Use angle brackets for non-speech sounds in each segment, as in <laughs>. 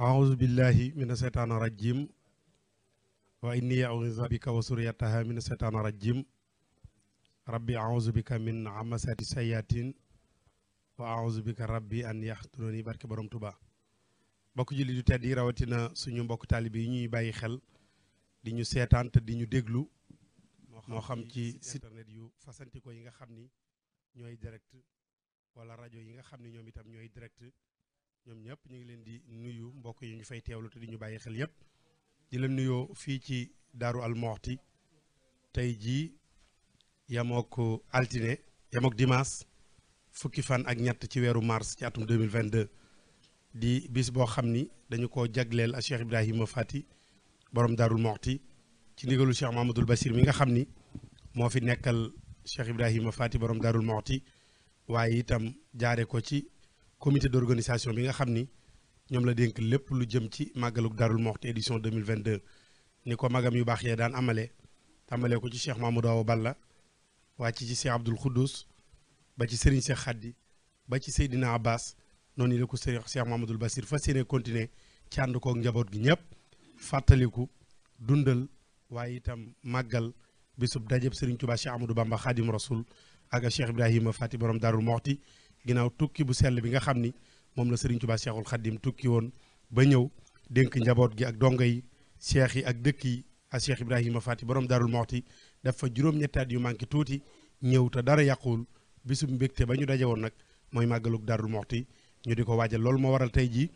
aawuzu billahi mina seytaana rajim wa inni auzu bika wa suryataha mina seytaana rajim rabbi aawuzu bika min amasati sayatin wa aawuzu bika rabbi an yaxturoni barke borom tuba mbokk julli du tedd yi rawatina suñu mbokk taalibe yi ñuy bàyyi xel di ñu seetaan te di ñu déglu moo xam ci site internet yu fasanti yi nga xam ni ñooy direct wala rajo yi nga xam ni ñoom itam ñooy direct ñoom ñëpp ñu ngi leen di nuyu mbokk yi ñu fay teewlu te di ñu bàyyi xel yëpp di la nuyoo fii ci Daaru Almoxti tey jii yamook altine yamook dimanche fukki fan ak ñett ci weeru mars ci atum 2022 di bis boo xam ni dañu ko jagleel a Cheikh Ibrahima Fati borom Daarul Moxti ci ndigalu Cheikh Mahamadul Basir mi nga xam ni moo fi nekkal Cheikh Ibrahima Fati borom Daarul Moxti waaye itam jaare ko ci comité d'organisation bi nga xam ni ñoom la dénk lépp lu jëm ci màggaluk Darou Mouhty édition 2022 ni ko magam yu baax yee daan amale tàmbalee ko ci Cheikh Mamadou Awa Balla wàcc ci Cheikh Abdoul Khoudous ba ci Serigne Cheikh Khadi ba ci Seydina Abbas noonu la ko Serigne Cheikh Mamadou basir fa yéene continuer ci ànd koog njaboot gi ñëpp fàttaliku dundal waaye itam màggal bisub dajeb Serigne Touba Cheikh Amadou Bamba Khadim Rasoul ak Cheikh Ibrahima Fati borom Darou Mouhty ginnaaw tukki bu sell bi nga xam ni moom la Serigne Touba Cheikhul Khadim tukki woon ba ñëw dénk njaboot gi ak dongo yi cheikh yi ak dëkk yi ak ma Ibrahima Fati boroom Darou Mouhty dafa juróom-ñetti at yu manqué tuuti ñëw te dara yàquwul bisum mbégte ba ñu daje woon nag mooy màggalug Darou Mouhty ñu di ko waajal loolu moo waral tey jii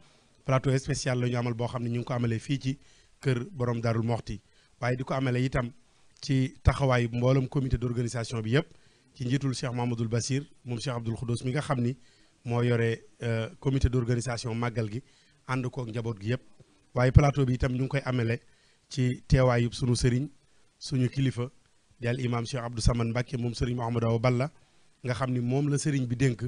plateau spécial la ñu amal boo xam ne ñu ngi ko amalee fii ci kër borom Darou Mouhty waaye di ko amalee itam ci taxawaayu mboolem comité d'organisation bi yëpp. ci njiitul Cheikh Mahamadoul Basir moom Cheikh Abdoul Khoudous mi nga xam ni moo yore euh, comité d'organisation màggal gi ànd kook njaboot gi yëpp waaye plateau bi itam ñu ngi koy amele ci teewaayu sunu sëriñ suñu kilifa di al imaam Cheikh Abdou Samane Mbacke moom sëriñ Mouhamadou Awa Balla nga xam ni moom la sëriñ bi dénk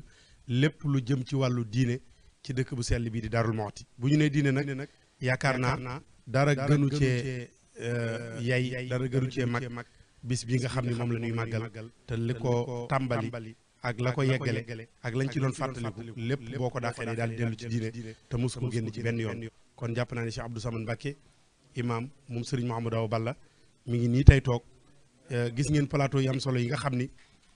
lépp lu jëm ci wàllu diine ci dëkk bu sell bii di Darou Mouhty bu ñu nee diine nag yaakaar naa dara gënu cee euh, yay dara gënu cee mag bis bi nga xam ne moom la ñuy màggal te li ko tàmbali ak la ko yeggale ak lañ ci doon fàttaliku lépp boo ko dàqee day daal di dellu ci diine te mos ko génn ci benn yoon kon jàpp naa ne Cheikh Abdou Samane Mbacke imaam moom Serigne Mouhamadou Awa Balla mu ngi nii tey toog euh, gis ngeen plateau yi am solo yi nga xam ni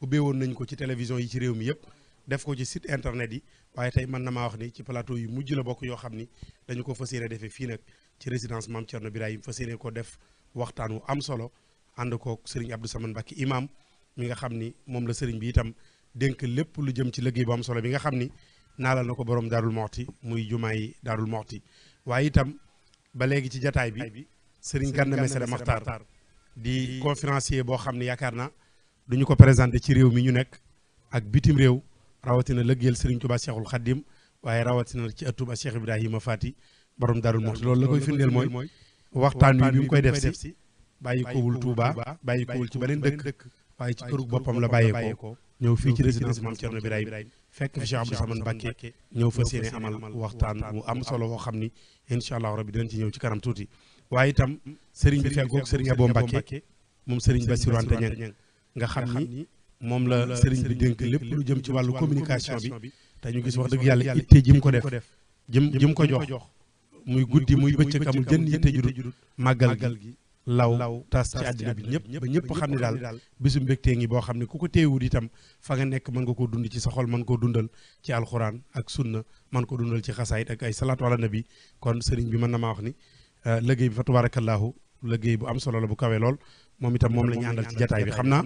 ubbee woon nañ ko ci télévision yi ci réew mi yëpp def ko ci sit internet yi waaye tey mën na maa wax ni ci plateau yi mujj la bokk yoo xam ni dañu ko fas yéene defee fii nag ci résidence Mame Thierno Birahim fas yéene ko def waxtaan wu am solo ànd koog sëriñ Abdou Samane Mbacke imam mi nga xam ni moom la sëriñ bi itam dénk lépp lu jëm ci liggéey boo am solo bi nga xam ni naalal na ko borom daarul moxti muy jumaa yi daarul moxti waaye itam ba léegi ci jataay bi sëriñ Gana Messere Maxtaar di conférencier boo xam ne yaakaar na duñu ko présenté ci réew mi ñu nekk ak bitim réew rawatina lëggeel sëriñ Tuubaa Seexul Xaddim waaye rawatina ci ëttub Cheikh Ibrahima Faati borom daarul moxti loolu la koy firndeel mooy waxtaan wi bi mu koy def si bàyyi kowul Touba bàyyi kowul ci beneen dëkk waaye ci kërug boppam la bàyyeekoo ñëw fii ci résidence Mame Thierno Birahim fekk fi Cheikh Abdou Samane Mbacké ñëw fa seeni amal waxtaan bu am solo koo xam ni incha allahu rabbi dinañ ci ñëw ci kanam tuuti waaye itam sëriñ bi fekkoog sëriñ Abo Mbacké moom sëriñ Bassirou Anta Niang nga xam ni moom la sëriñ bi dénk lépp lu jëm ci wàllu communication bi te ñu gis wax dëgg yàlla itte ji mu ko def jëm jëm ko jox muy guddi muy bëccëg amul jën yitte ju dul màggal gi law tas ci àddina bi ñëpp ba ñëpp xam ne daal bisu mbégtee ngi boo xam ne ku ko teewul itam fa nga nekk mën nga koo dund ci sa xol mën koo dundal ci alxuraan ak sunna mën koo dundal ci xasaayit ak ay salaatu na bi kon sëriñ bi mën na maa wax ni euh, liggéey bi fa tabaarakallaahu liggéey bu am solo la bu kawee lool moom itam moom la ñuy àndal ci jataay bi xam na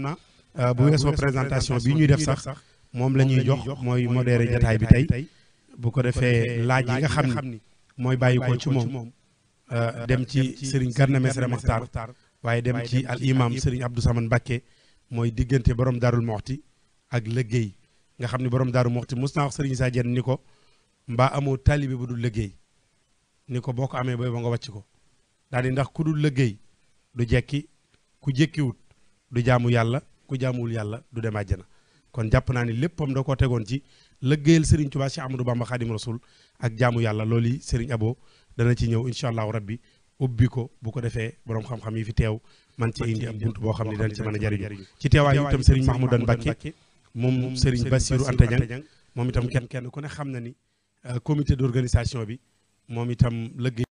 euh, bu euh, weesoo présentation bi ñuy def sax moom la ñuy jox mooy modéré jataay bi tey bu ko defee laaj yi nga xam ni mooy bàyyi ko ci moom Euh, dem ci sëriñ Gana Messere Maxtaar waaye dem ci al imam sëriñ Abdou Samane mooy diggante borom daarul moxti ak liggéey nga xam ne borom daaru moxti mos naa wax sëriñ saa jenn ni ko mbaa amoo taalibe bu dul liggéey ni ko boo ko amee booy ba nga wàcc ko daal ndax ku dul liggéey du jekki ku jékkiwut du jaamu yàlla ku jaamuwul yàlla du dem àjjana kon jàpp naa ni léppam da koo tegoon ci liggéeyal sëriñ Tuubaa Cheikh Amadou Bamba Xaadim Rasul ak jaamu yàlla loolu yi sëriñ dana ci ñëw incha allahu rabbi ubbi ko bu ko defee boroom xam-xam yi fi teew man ci indi ab bunt boo xam ni dañ ci mën a ci teewaay yi itam Serigne Mahmoudan Mbacké moom Serigne Bassirou Anta Niang moom itam kenn kenn ku ne xam na ni euh, comité d'organisation bi moom itam lëggéey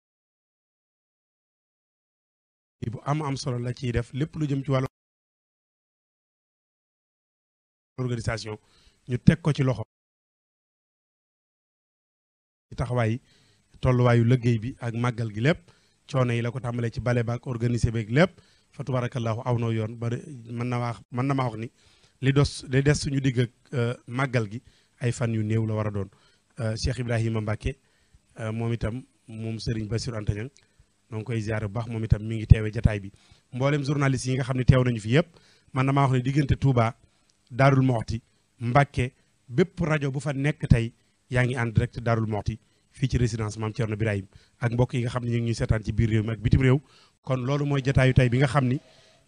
bu am am solo la ciy def lépp lu jëm ci wàllu organisation ñu teg ko ci loxo taxawaay tolluwaayu liggéey bi ak màggal gi lépp coono yi la ko tàmbalee ci bale baak organisé beeg lépp fa tubaarakallahu aw noo yoon bari mën na wax mën na ma wax ni li dos li des suñu digg ak euh, màggal gi ay fan yu néew la war a doon euh, Cheikh Ibrahima mbakke euh, moom itam moom Serigne Bassirou Anta Niang koy ziare bu baax moom itam mi ngi teewee jataay bi mboolem journaliste yi nga xam ne teew nañu fi yëpp man damaa wax ne diggante Touba Darou Mokhti Mbacke bépp rajo bu fa nekk tey yaa ngi en direct Darou Mokhti fii ci résidence maam Thierno Birahim ak mbokk yi nga xam ne ñu ñuy seetaan ci biir réew mi ak bitim réew kon loolu mooy jataayu tey bi nga xam ni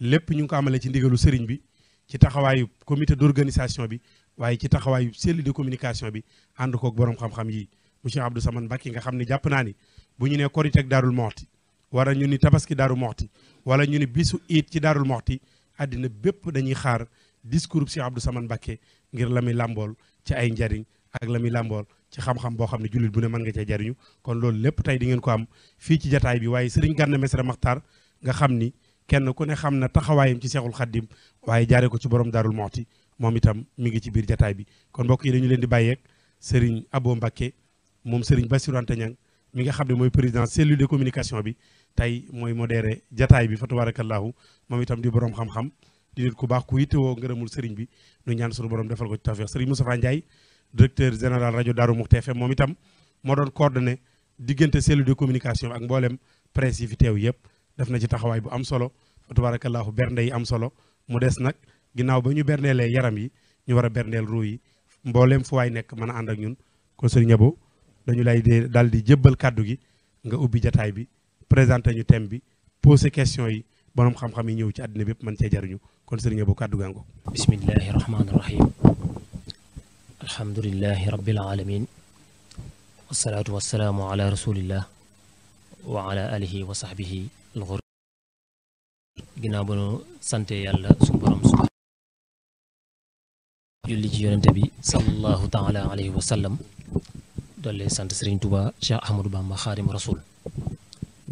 lépp ñu ngi ko amalee ci ndigalu sëriñ bi ci taxawaayu comité d'organisation bi waaye ci taxawaayu cellule de communication bi ànd koog borom xam-xam yi monsieur Abdou Samane Mbacke nga xam ne jàpp naa ni bu ñu nee Koriteeg Daarul Moxti wala ñu ni Tabaski Daarul Moxti wala ñu ni bisu iit ci Daarul Moxti àddina bépp dañuy xaar discours Cheikh Abdou Samane Mbacke ngir la muy làmbool ci ay njariñ ak la muy làmbool ci xam-xam boo xam ne jullit bu ne mën nga cee jariñu kon loolu lépp tey di ngeen ko am fii ci jataay bi waaye sëriñ Ganna Messere Maxtaar nga xam ni kenn ku ne xam na taxawaayam ci seexul xaddim waaye jaare ko ci borom daarul moxti moom itam mi ngi ci biir jataay bi kon mbokk yi dañu leen di bàyyeek sëriñ Abo Mbakke moom sëriñ Bassirou Anta Niang mi nga xam ne mooy président cellule de communication bi tey mooy modéré jataay bi fa tabarakallahu moom itam di borom xam di ku baax ku yittewoo ngërëmul sëriñ bi nu ñaan sunu borom defal ko ci tawfeex sëriñ Moustapha Ndiaye directeur général rajo Darou Mouhty FM moom itam moo doon coordonné diggante cellule de communication ak mboolem presse yi fi teew yëpp def na ci taxawaay bu am solo fa tabarakallahu bernde yi am solo mu des nag ginnaaw ba ñu berndeelee yaram yi ñu war a berndeel ru yi mbooleem fu waay nekk mën a ànd ak ñun kon sëriñ Abo dañu lay dee daal di jëbbal kàddu gi nga ubbi jataay bi présente ñu thème bi posé question yi borom xam-xam yi ñëw ci àddina bépp mën cee jariñu kon sëriñ Abo kàddu gaango alhamdulilahi rabbil alamin wasalaatu wasalaamu ala rasulillah wa ala alihi wa julli ci yonente bi salallahu taala alayhi wa sallam sant Sëriñ Tuba Cheikh Ahmadou Bamba Xaadim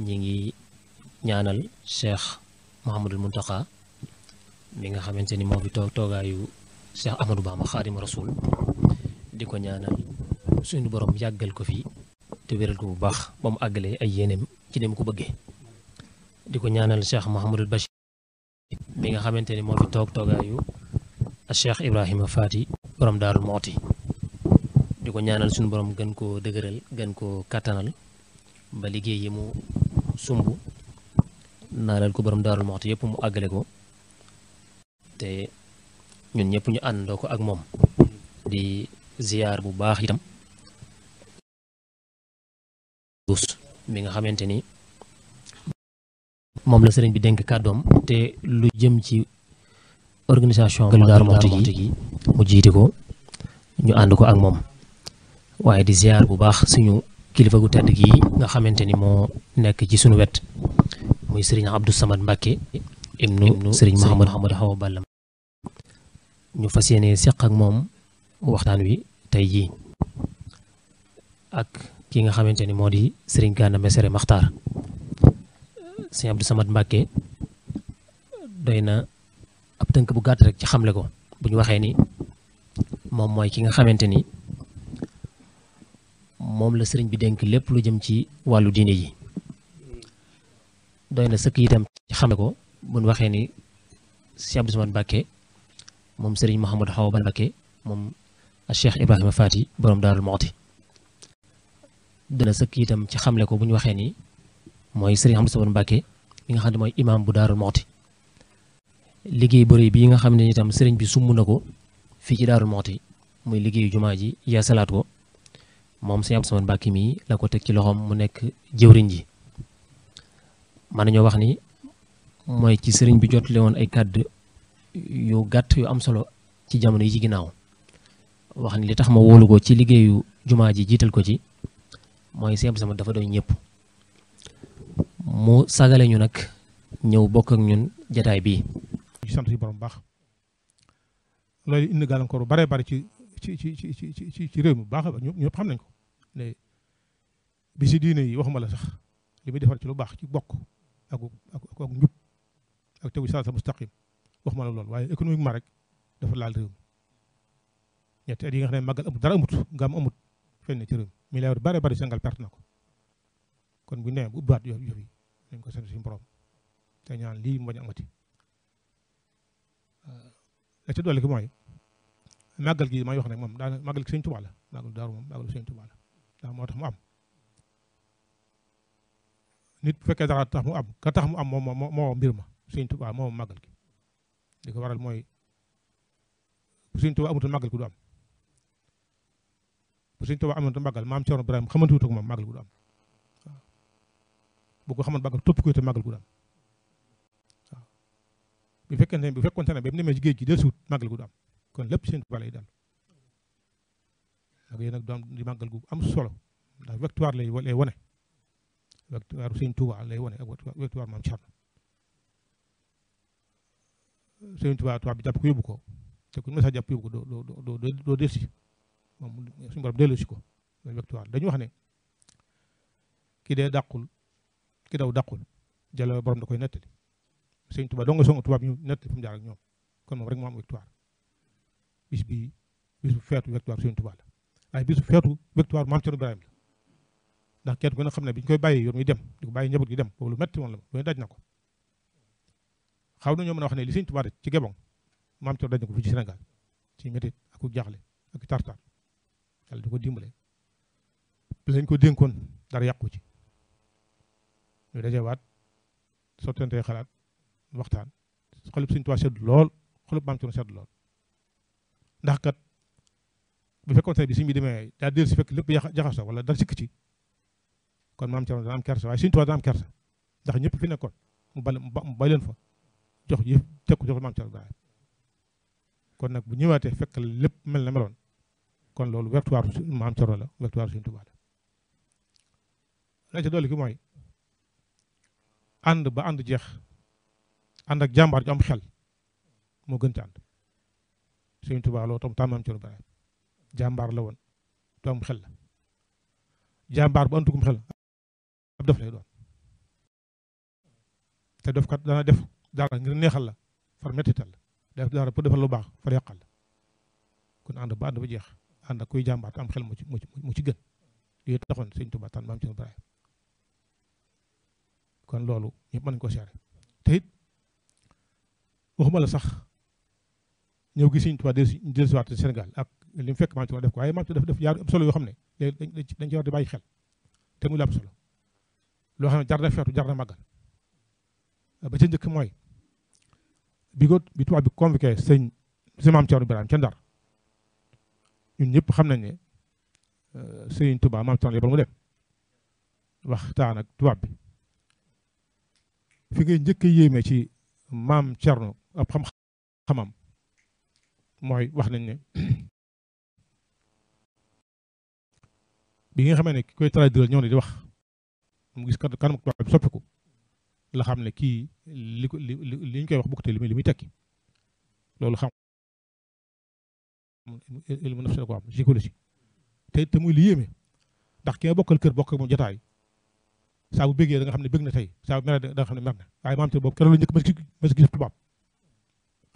ñi ngi ñaanal Cheikh Mouhamadul Muntaqa mi nga xamante ni moo fi toog toogaayu Cheikh Ahmadou Bamba Xaadim Rasul di ko ñaanal suñu borom yàggal ko fii te wéral ko bu baax ba mu àggalee ay yéeneem ci dem ko bëggee di ko ñaanal Cheikh Mouhamadul Bachir mi nga xamante ni moo fi toog toogaayu ak Cheikh Ibrahima Faati borom Daarul Mooti di ko ñaanal suñu borom gën koo dëgëral gën koo kàttanal ba liggéey yi mu sumb naanal ko borom Daarul Mooti yépp mu àggale ko te ñun ñëpp ñu àndandoo ko ak moom di ziyaar bu baax itam mi nga xamante ni moom la sëriñ bi dénk kàddoom te lu jëm ci organisation Daaru Muxti gi mu jiite ko ñu ànd ko ak moom waaye di ziyaar bu baax suñu kilifa gu tedd gi nga xamante ni moo nekk ci suñu wet muy sëriñ Abdou Samad Mbacke ibnu sëriñ Mouhamadou Hawa Ballam ñu fas yéene seq ak moom waxtaan wi tey jii ak ki nga xamante ni moo di Serigne Gana Messere Maxtaar Serigne Abdou Samad Mbacke doy na ab tënk bu gàtt rek ci xamle ko bu ñu waxee ni moom mooy ki nga xamante ni moom la sëriñ bi dénk lépp lu jëm ci wàllu diine yi doy na sëkk itam ci xamle ko bu waxee ni Serigne Abdou Samad Mbacke moom Serigne Mouhamadou Xawa Mbacke moom Cheikh Ibrahima Faty boroom Daarul Muxti dana sëkk itam ci xamle ko bu ñu waxee nii mooy sëriñ Hamdou Sabar Mbacke mi nga xam ne mooy imaam bu Daarul Muxti liggéey bëri bii nga xam ne itam sëriñ bi sumb na ko fii ci Daarul Muxti muy liggéeyu jumaa ji yaa salaat ko moom Serigne Hamdou Sabar Mbacke mii la ko teg ci loxoom mu nekk jëwriñ ji mën nañoo wax ni mooy ci sëriñ bi jotle woon ay kàddu yu gàtt yu am solo ci jamono yi ci ginnaaw wax ni li tax ma wóolu ko ci liggéeyu jumaa ji jiital ko ci mooy Sëñ Abdou Samad dafa doy ñëpp mu sagale ñu nag ñëw bokk ak ñun jataay bii. di sant borom baax loolu indi gàllankoor bu bare bare ci ci ci réew mi bu baax a ñëpp xam nañ ko ne bi si diine yi waxuma la sax li muy defar ci lu baax ci bokk ak ak ak njub ak tegu si mustaqim waxuma la lool waaye économiquement rek dafa laal réew ñetti at yi nga xam ne màggal amut dara amut nga am amut fenn ci réew mi milliard bare bare Sénégal perte ko kon bu ne bu ubbaat yow yow yi ko sant suñu borom te ñaan lii mu bañ amati euh, la ca ki mooy màggal gi may wax ne moom daanaka màggal gi sëñ Tuubaa la màggal daaru moom màggal sëñ Tuubaa la moo tax mu bu fekkee dara tax mu am mu am moom moo moo mbir ma sëñ Tuubaa moo màggal gi waral mooy bu sëñ Tuubaa amutoon màggal du am bu Sëñ Tuubaa amoon te màggal maam Cerno Ibrahima xamante wutoog moom màggal gu du am waaw bu ko xaman màggal topp ko te màggal gu du am waaw bu fekkente ne bu fekkonte ne ba mu demee ci géej gi dellusiwut màggal gu du am kon lépp Sëñ Tuubaa lay dal ak yéen nag du am di màggal gu am solo ndax victoire lay lay wane victoire Sëñ Tuubaa lay wane ak victoire maam Cerno Sëñ Tuubaa tubaab bi jàpp ko yóbbu ko te ku ñu mës a jàpp yóbbu ko doo doo doo doo desi moom suñu borom delloosi ko dañu wegtuwaat dañu wax ne ki dee dàqul ki daw dàqul jëla borom da koy nettali sëñ tubaab doo nga tubaab ñu nett fu mu jaar ak ñoom kon moom rek moo am victoire bis bi bisu feetu victoire sëñ tubaab la waaye bisu feetu victoire maam Cerno Ibrahima la ndax kenn ku ne xam ne bi koy bàyyi yoon muy dem di ko bàyyi njaboot gi dem boobu lu metti woon la loolu daj na ko xaw nañoo mën a wax ne li sëñ tubaab ci Gabon maam Cerno daj na ko fii ci senegal ci métit ak jaaxle ak tartaan yàlla di ko dimbale lañ ko dénkoon dara yàqu ci ñu dajewaat sottantee xalaat waxtaan xolub Sëñ Tuubaa sedd lool xolub maam Cerno sedd lool ndax kat bu fekkoon tey bi suñ bi demee daa dellu si fekk lépp jaxasoo wala dara sikk ci kon maam Cerno dana am kersa waaye Sëñ Tuubaa dana am kersa ndax ñëpp fi nekkoon mu bal mu bay leen fa jox yëf tekku jox maam Cerno kon nag bu ñëwaatee fekk lépp mel na meloon kon loolu webtuwaar maam Cerno la webtuwaar Sëriñ Tuubaa la la ki mooy ànd ba ànd jeex ànd ak jàmbaar ju am xel gën ci ànd la woon du am xel la jàmbaar bu antukum xel ab def lay doon te def kat dana def dara ngir neexal la far mettital la def pour defal lu baax far yàqal la kon ànd ba ànd ba jeex ànd ak kuy jàmbaat am xel mu ci mu ci gën yooyu taxoon sëñ Tuubaa tànn maam Cerno Ibrahima kon loolu ñëpp mën ko seere te it waxuma la sax ñëw gi sëñ Tuubaa del si waat Sénégal ak li mu fekk maam Cerno def ko def def yaaru am solo yoo xam ne léegi dañ ci war di bàyyi xel te muy la am solo loo xam ne jar na feetu jar na màggal ba ca njëkk mooy bi ko bi tubaab bi convoqué sëñ si maam Cerno Ibrahima ca Ndar ñun ñëpp xam nañ ne euh, Serigne Touba maam Thierno yebal mu dem waxtaan ak tubaab bi fi ngay njëkk a yéeme ci maam Thierno ab xam-xamam mooy wax nañ ne <coughs> bi nga xamee ne ki koy traduire ñoo ne di wax mu gis kanam tubaab bi soppiku la xam ne kii li ko li liñ koy wax bokkute li muy loolu xam ilmu nafsi la ko am géologie te te mu lu yéeme ndax ki nga bokkal kër bokk moom jotaay saa bu bëggee da xam ne bëgg na tey saa bu mere da nga xam ne mer na waaye maam te boobu keroog la njëkk mas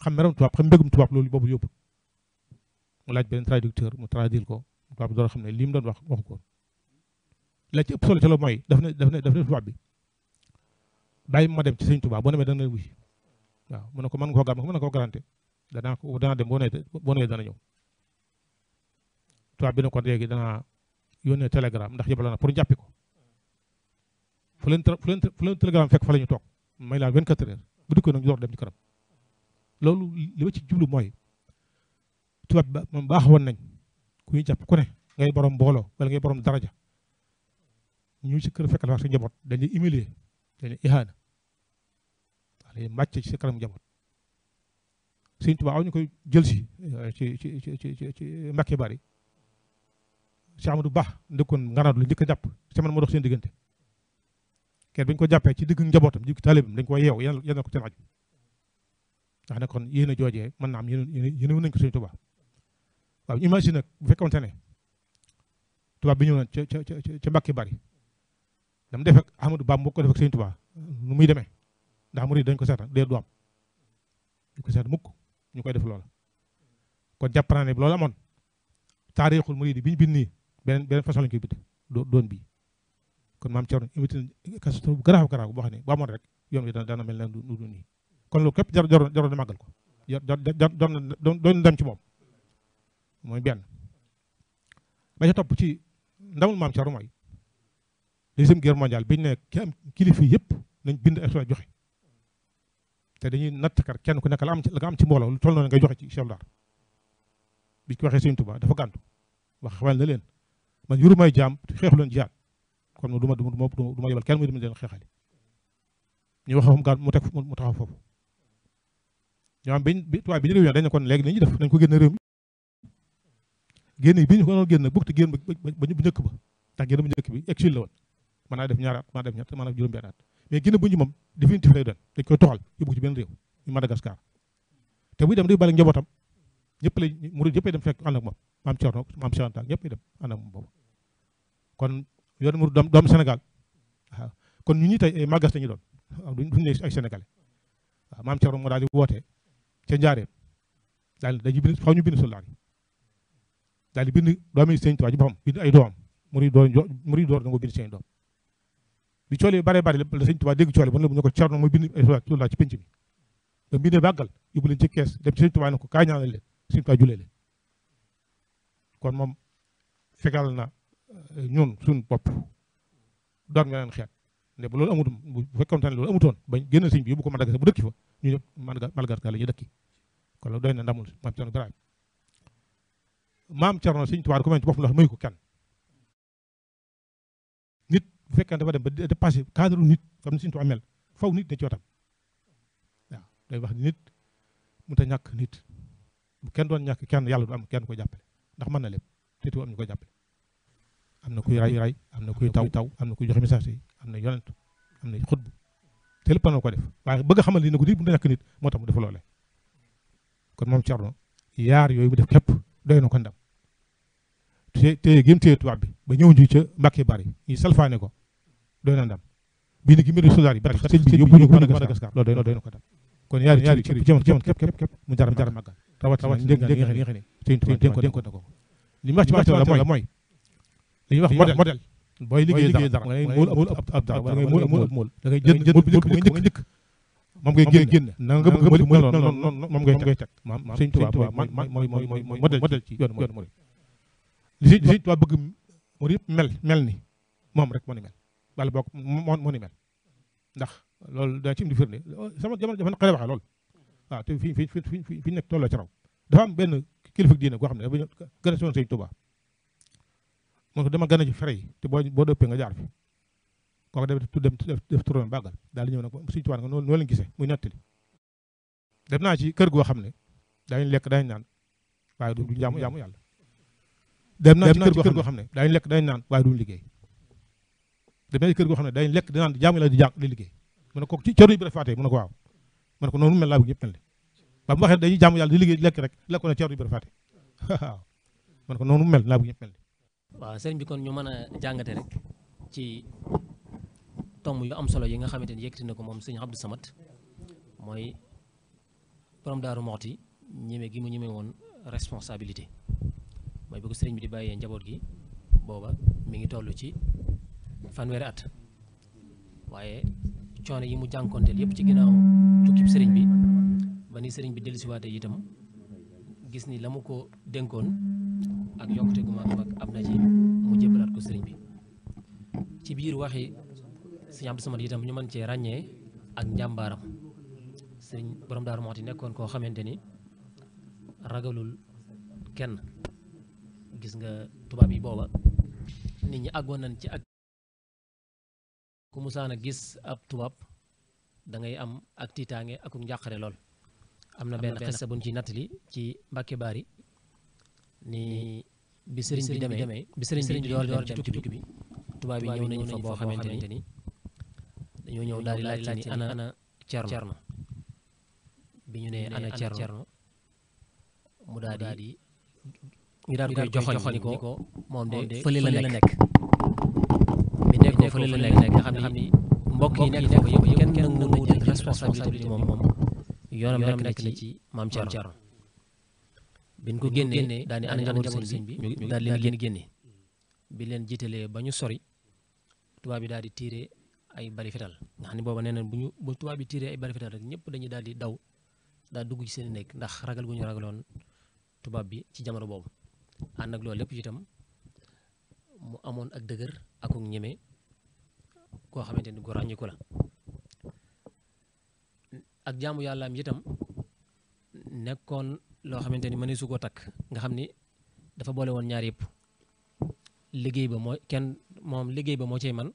xam meram tubaab loolu boobu yóbbu mu laaj beneen traducteur mu traduire ko tubaab bi door xam ne li mu doon wax waxu ko la ci la mooy daf ne daf ne daf ne tubaab bi bàyyi ma dem ci sëñ tubaab boo demee dana wuy waaw mu ne ko man nga ko gàmm mën na ko garanté danaa ko danaa dem boo nee boo nee dana ñëw tubaab bi ne ko léegi danaa yónnee télégramme ndax yebal na pour jàppi ko fu leen fu leen fekk fa ñu toog may laa 24 heures bu dikkee nag ñu dem ci kanam loolu li ma ci jublu mooy tubaab bi moom baax woon nañ ku ñu jàpp ku ngay borom mbooloo wala ngay borom daraja ñu ci kër fekkal wax sa njaboot dañuy humilier dañuy ihaana wax dañuy màcc ci sa kanam njaboot Sëñ Tuubaa aw ñu koy jël si ci ci ci ci ci Cheikh Amadou Ba ndëkkoon nganaat lu njëkk a jàpp semaine moo dox seen diggante kenn bi ñu ko jàppee ci digg njabootam digg taalibam dañ ko yeew yéen ko ci laaj ndax ne kon yéen a joojee mën naa am yéen yéen nañ ko Sëriñ Tuubaa waaw imagine nag bu fekkonte ne tubaab bi ñëw na ca ca ca Mbàkke def ak Amadou Ba moo ko def muy demee ndax murid dañ ko seetaan dee du am ñu ko seet mukk ñu koy def loola kon jàpp naa ne bi ñu bind nii beneen beneen façon lañ koy bind doon bi kon maam Thierno imité bu garaaw garaaw boo xam ne bu amoon rek yoon wi dana mel ne du du nii kon loolu képp jar jar na màggal ko jar jar doon dem ci moom mooy benn. ba ca topp ci ndamul maam Thierno mooy deuxième guerre mondiale bi ñu ne ki am kilifa yëpp nañ bind ay soo joxe te dañuy natt kar kenn ku nekk la am ci la am ci mbooloo lu toll noonu ngay joxe ci chef d'art bi ko waxee Sëñ tubaa dafa gàntu wax xamal na leen. man yuru may jaam xeexu leen jaam kon du ma du ma du ma yebal kenn muy dem leen xeexali ñu wax gaan mu teg mu taxaw foofu ñoo am bi tubaab bi ñu kon léegi nañu def nañ ko génne réew mi génn bi ñu ko doon génn bukti génn bu njëkk ba ndax génn bu njëkk bi exil la woon mën naa def ñaari at mën naa def ñett mën naa def juróom benn at mais génn bu ñu moom définitif lay doon dañ koy toxal yóbbu ci benn réew ñu Madagascar te buy dem day bale njabootam ñëpp lay murid yëpp dem fekk ànd ak moom maam Cerno maam Cheikh Anta ñëpp ñu dem ànd ak boobu kon yoonu murid doom doom Sénégal kon ñu ñi tey ay màggas lañu doon waaw duñ ne ay sénégalais waaw maam Cerno moo daal di woote ca njaareem daal dañuy ñu bind suñu laaj daal di bind doomi Sëñ Tuubaa ji boppam bind ay doomam murid door murid door danga bind doom bi coole yi bare bare la Sëñ Tuubaa dégg coole ba ñu ko Cerno mooy bind ay suñu laaj ci penc mi ba bindee bàggal yóbbu leen ci kees dem ci Sëñ Tuubaa ko kaay ñaanal leen Sëñ Tuubaa julee kon moom fegal na euh, ñun suñ bopp doon nga leen xeet ne bu loolu amutum bu fekkoonte ne loolu amutoon bañ génn sëñ bi ko Madagascar bu dëkki fa ñu def Madagascar la ñu dëkki kon loolu doy na ndamul maam Cerno Birahim maam Cerno sëñ Tuubaa ko mel ci boppam ko kenn nit bu fekkee dafa dem ba dépassé cadre nit comme ni sëñ Tuubaa mel faw nit ne ci wetam waaw wax nit mu ta ñàkk nit bu kenn doon ñàkk kenn yàlla du am kenn ko jàppale ndax man na lépp te tu am ko jàppale am na kuy ray ray am na kuy taw taw am na kuy joxe message yi am na yonent am na xutbu te lépp ko def waaye bëgg xamal li na ko di bu nekk nit moo tax mu def loolee kon moom Cerno yaar yooyu mu def képp doy na ko ndam te te gém téye tubaab bi ba ñëw ñu ca Mbàkke bari ñu salfaane ko doy na ndam bii ni gi mbiru yi bari sëñ bi yóbbu ñu ko Madagascar loolu doy na ko ndam kon yaari yaari cër yi jamono képp képp képp mu jar a màggal rawatina njëg nga xam ne suñ dénkoon ko ko li ñu wax ci marché la mooy li ñuy wax modèle booy liggéey dara nga muul ab dara nga muul ab muul da ngay jënd jënd bu njëkk bu njëkk moom ngay génn génn na nga bëgg a mën noonu moom ngay ngay teg maam Sëñ Tuubaa man mooy mooy mooy modèle ci yoon yoon mooy li Sëñ Sëñ Tuubaa bëgg mu yëpp mel mel ni moom rek moo ni mel wala boog moo moo ni mel ndax loolu daa ci indi firnde sama jamono jamono xëy na waxee loolu waaw te fi fi fi fi nekk tolloo ci raw dafa am benn kilifa diine goo xam ne dafa ñëw gën a soon sëñ Tuubaa mu ne ko dama gën a ci fere te boo boo dëppee nga jaar fi kooku def dem def turam bàggal daal di ñëw nag sëñ Tuubaa nga noonu lañ gisee muy nettali dem naa ci kër goo xam ne daañu lekk daañu naan waaye du jaamu jaamu yàlla dem naa ci kër goo xam ne daañu lekk xam ne daañu lekk daañu naan jaamu yàlla di jàng di liggéey mu ne kooku ci cër yi bi faatee mu ne ko waaw man ko noonu mel laa bëgg yëpp mel ne ba mu waxee dañuy jàmm yàlla di liggéey lekk rek lekkoon na ceeb bi Ibrahima Faty waaw man ko noonu mel laa bëgg yëpp mel ne. waaw sëriñ bi kon ñu mën a jàngate rek ci tomb yu am solo yi nga xamante ni yëkkati na ko moom sëriñ Abdou Samad mooy borom Daaru Moxti ñeme gi mu ñeme woon responsabilité mooy bu ko sëriñ bi di bàyyee njaboot gi booba mi ngi toll ci fanweeri at waaye coono yi mu jànkoonteel yépp ci ginnaaw tukkib sëriñ bi ba ni sëriñ bi dellusiwaatee itam gis ni la mu ko dénkoon ak yokkute gu mag na ci mu jébalaat ko sëriñ bi ci biir waxi sëriñ Abdou Samad itam ñu mën cee ràññee ak njàmbaaram sëriñ borom Daaru Muxti nekkoon koo xamante ni ragalul kenn gis nga tubaab yi booba nit ñi àggoon nañ ci ak ku musaan a gis ab tubaab da ngay am ak tiitaange ak njàqare lool am na benn xessa buñ ci li ci Mbàkke Baari ni bi sëriñ bi demee bi sëriñ bi door door ci tukki bi tubaab yi ñëw nañu fa boo xamante ni dañoo ñëw daal di laaj ni ana ana cerno bi ñu ne ana cerno mu daal di ñu daal koy joxoñ ni ko moom de fële la nekk nekkoo fële la nekk na xam ni mbokk yi nekk moom moom yoonam nekk na ci maam Thierno biñ ko génnee daal di ànd njaboot sëñ bi ñu daal leen génn génne bi leen jiitalee ba ñu sori tubaab bi daal di tiire ay bari fital nga xam ne booba nee bu ñu bu tubaab bi tiire ay bari fital rek ñëpp dañuy daal di daw daal dugg ci seen nekk ndax ragal gu ñu ragaloon tubaab bi ci jamono boobu ànd ak loolu lépp itam mu amoon ak dëgër ak ñeme koo xamante ni gu ràññiku la ak jaamu yàlla am nekkoon loo xamante ni mëneesu koo takk nga xam ni dafa boole woon ñaar yëpp liggéey ba moo kenn moom liggéey ba moo cay man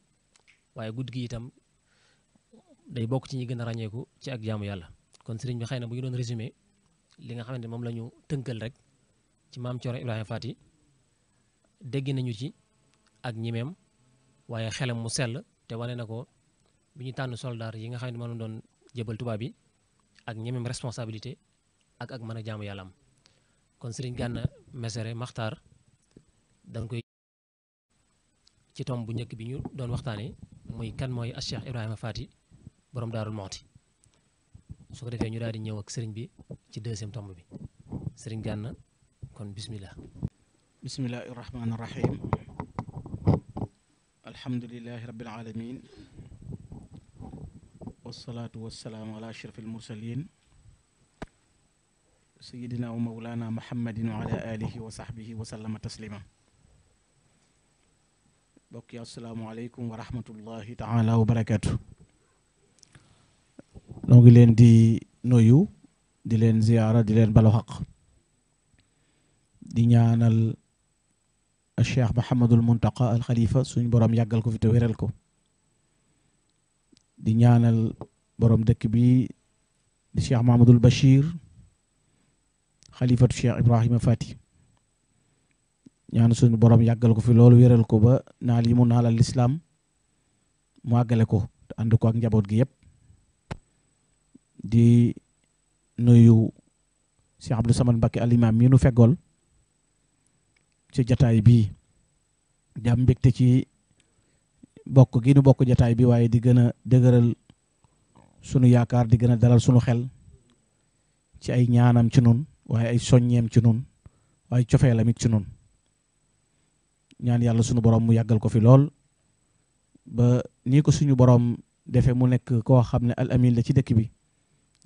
waaye guddi gi itam day bokk ci ñi gën a ràññeeku ci ak jaamu yàlla kon sëriñ bi xay na bu ñu doon résumé li nga xamante moom la ñu tënkal rek ci maam Thioro Ibrahima Fati dégg nañu ci ak ñimeem waaye xelam mu sell te wane na ko bi ñu tànn soldaar yi nga xam ne moom doon jëbal tubaab bi ak ñemem responsabilité ak ak mën a jaamu yàlla am kon sëriñ Gana Messere Maxtaar dañ koy ci tomb bu njëkk bi ñu doon waxtaanee muy kan mooy as Cheikh Ibrahima Fati borom Daarul Mouhty su ko defee ñu daal di ñëw ak sëriñ bi ci deuxième tomb bi sëriñ Gana kon bismillah bismillahi rahmaani alhamdulilahi rabbil alamin wasalaatu wasalaamu ala ashraf almursalin sayidina wa maulana muhammadin wa ala alihi wa sahbihi taslima bokk yi asalaamualeykum wa rahmatullahi taala wa barakatu noo leen di nuyu di leen ziyaara di leen balu xaq di ñaanal cheikh Mouhamadul Muntaqa al Khalifa suñ borom yàggal ko fi te wéral ko di ñaanal borom dëkk bi di cheikh Mahamadul Bachir xalifatu cheikh Ibrahima Fati ñaan suñu borom yàggal ko fi loolu wéral ko ba naal yi mu naalal lislaam mu àggale ko te ànd ko ak njaboot gi yëpp di nuyu cheikh Abdou Samad Mbacké al imam mi nu ci jataay bii di mbégte ci bokk gi bokk jataay bi waaye di gën a dëgëral sunu yaakaar di gën a dalal sunu xel ci ay ñaanam ci nun waaye ay soññeem ci nun waaye cofeelamit ci nun ñaan yàlla sunu borom mu yàggal ko fi lool ba nii ko suñu boroom defe mu nekk koo xam ne al amin la ci dëkk bi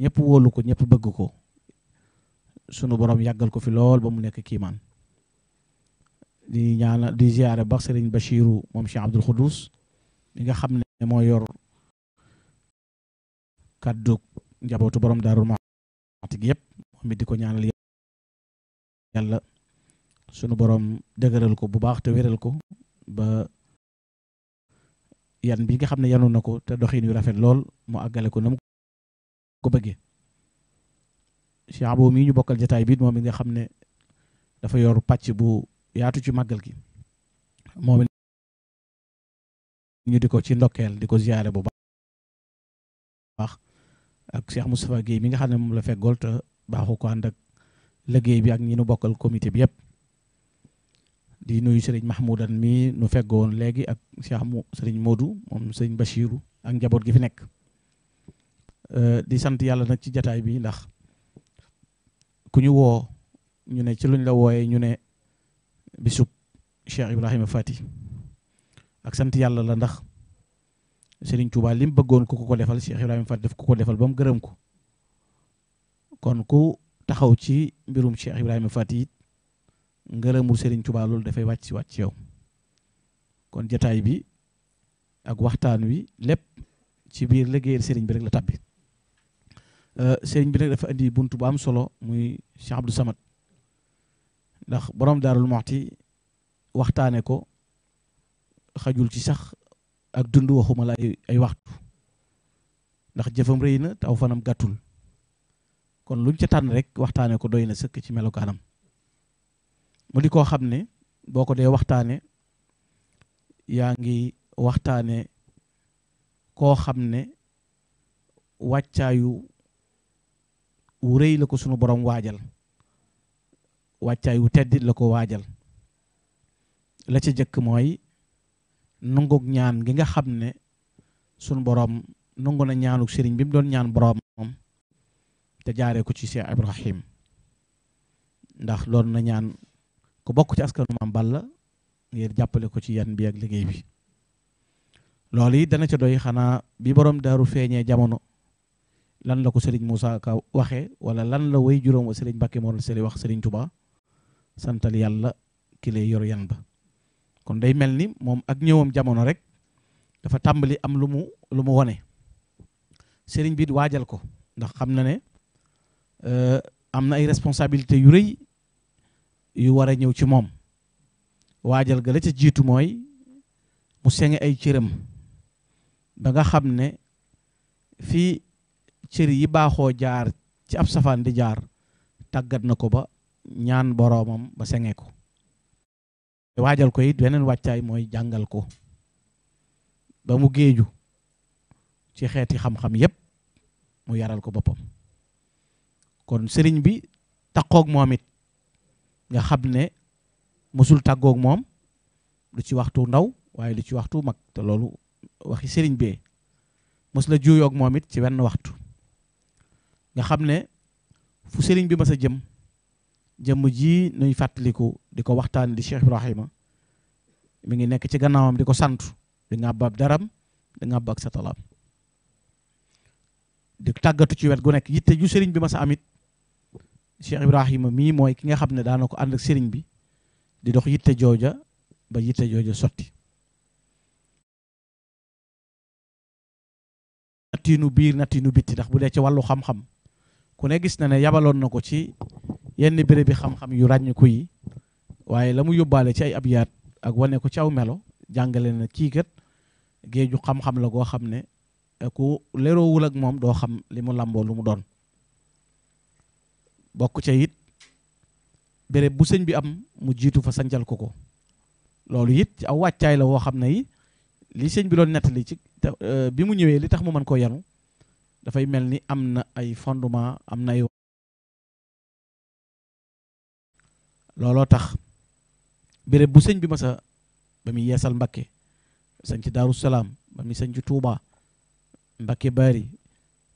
ñépp wóolu ko ñëpp bëgg ko sunu borom yàggal ko fi lool ba mu nekk kiimaan di ñaana di ziyaare baax Serigne Bachiru moom Cheikh Abdoul Khoudous mi nga xam ne moo yor kàddu njabootu borom Daaru Muxti gi yëpp moom it di ñaanal yàlla sunu boroom dëgëral ko bu baax te wéral ko ba yan bi nga xam ne yanu na ko te doxin yu rafet lool mu àggale ko na mu ko bëggee Cheikh Abou mii ñu bokkal jataay bi moom mi nga xam ne dafa yor pàcc bu. yaatu ci màggal gi moom ñu di ko ci ndokkeel di ko ziyaare bu baax ak Cheikh Moustapha Guèye mi nga xam ne moom la feggool te baaxu ko ànd ak liggéey bi ak ñi nu bokkal comité bi yépp di nuyu sëriñ Mahmoudan mi nu feggoon léegi ak Cheikh mu sëriñ Modou moom sëriñ Bachirou ak njaboot gi fi nekk euh, di sant yàlla nag ci jataay bi ndax ku ñu woo ñu ne ci luñ la wooyee ñu ne bisub Cheikh Ibrahima Fati ak sant yàlla la ndax Serigne Touba lim bëggoon ku ko ko defal Cheikh Ibrahima Fati daf ko ko defal ba mu gërëm ko kon ku taxaw ci mbirum Cheikh Ibrahima Fati it ngërëmul Serigne Touba loolu dafay wàcc si wàcc ci yow kon jataay bi ak waxtaan wi lépp ci biir liggéeyal Serigne bi rek la tàbbi euh, Serigne bi nag dafa indi buntu bu am solo muy Cheikh Abdou Samad. ndax borom daarul moxti waxtaane ko xajul ci sax ak dund waxuma la ay waxtu ndax jëfam rëy na taw fanam gàttul kon lu ca tànn rek waxtaane ko doy na sëkk ci melokaanam mu di koo xam ne boo ko dee waxtaane yaa ngi waxtaane koo xam ne wàccaayu wu rëy la ko sunu borom waajal wàccaay wu tedd la ko waajal la ci jëkk mooy nungug ñaan gi nga xam ne sunu boroom nungu na ñaanuk sëriñ bi mu doon ñaan boroomam te jaaree ko ci Cheikh Ibrahim ndax doon na ñaan ku bokk ci askanu Maam Balla ngir jàppale ko ci yan bi ak liggéey bi loolu yi dana ca doy xanaa bi borom daaru feeñee jamono lan la ko Serigne Moussa Ka waxee wala lan la way juróom wa Serigne Mbacké Mor Sëri wax Serigne Touba santal yàlla ki lay yor yan ba kon day mel ni moom ak ñëwam jamono rek dafa tàmbali am lu mu lu mu wone sëriñ bi waajal ko ndax xam na ne euh, am na ay responsabilité yu rëy yu war a ñëw ci moom waajal ga la ca jiitu mooy mu senge ay cëram ba nga xam ne fii cër yi baaxoo jaar ci ab safaan di jaar tàggat na ko ba ñaan boroomam ba sengee ko waajal ko it beneen wàccaay mooy jàngal ko ba mu géeju ci xeeti xam-xam yépp mu yaral ko boppam kon sëriñ bi taqoog moomit nga xam ne mosul tàggoog moom lu ci waxtu ndaw waaye lu ci waxtu mag te loolu waxi sëriñ bee mos la juuyoog moom ci wenn waxtu nga xam ne fu sëriñ bi mas a jëm jëmm jii nuy fàttaliku di ko waxtaan di Cheikh Ibrahima mu ngi nekk ci gannaawam di ko sant di ngàbb ab daram di ngàbb sa talaam di tàggatu ci wet gu nekk yitte ju sëriñ bi ma sa amit Cheikh Ibrahima mii mooy ki nga xam ne daana ko ànd ak sëriñ bi di dox yitte jooja ba yitte jooja sotti nattiinu biir nattiinu bitti ndax bu dee ci wàllu xam-xam ku ne gis na ne yabaloon na ko ci yenn béréb bi xam-xam yu ràññiku yi waaye la mu yóbbaale ci ay abyaat ak wane ko ci aw melo jàngale na kii kat géeju xam-xam la goo xam ne eh, ku leroowul ak moom doo xam li mu làmboo lu mu doon bokk ca it béréb bu sëñ bi am mu jiitu fa sancal ko ko loolu it ci aw wàccaay la woo xam ne yi li sëñ bi doon nettali ci eh, bi mu ñëwee li tax mu mën koo yanu dafay mel ni am na ay fondement am na ay looloo tax béréb bu sëñ bi ma sa ba muy yeesal Mbakke sañ ci Daaru Salaam ba muy sañ tuuba Touba Mbakke Bari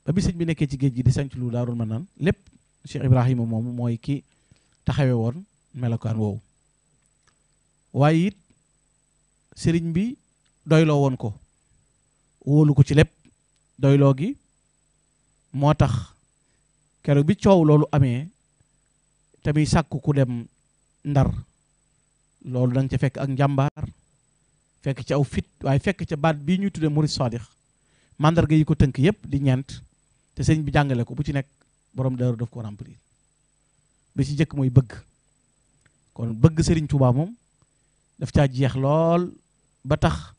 ba bi sëñ bi nekkee ci géej gi di sañ ci lu Daarul Manaan lépp Cheikh Ibrahima moom mooy ki taxawe woon melokaan woowu waaye it sëriñ bi doyloo woon ko wóolu ko ci lépp doyloo gi moo tax keroog bi coow loolu amee tamit sàkk ku dem ndar loolu da ca fekk ak njàmbaar fekk ca aw fit waaye fekk ca baat bii ñuy tuddee murid saadix mandarga yi ko tënk yépp di ñeent te sëñ bi jàngale ko bu ci nekk borom daaru daf ko remplir bi ci njëkk mooy bëgg kon bëgg sëriñ Touba moom daf caa jeex lool ba tax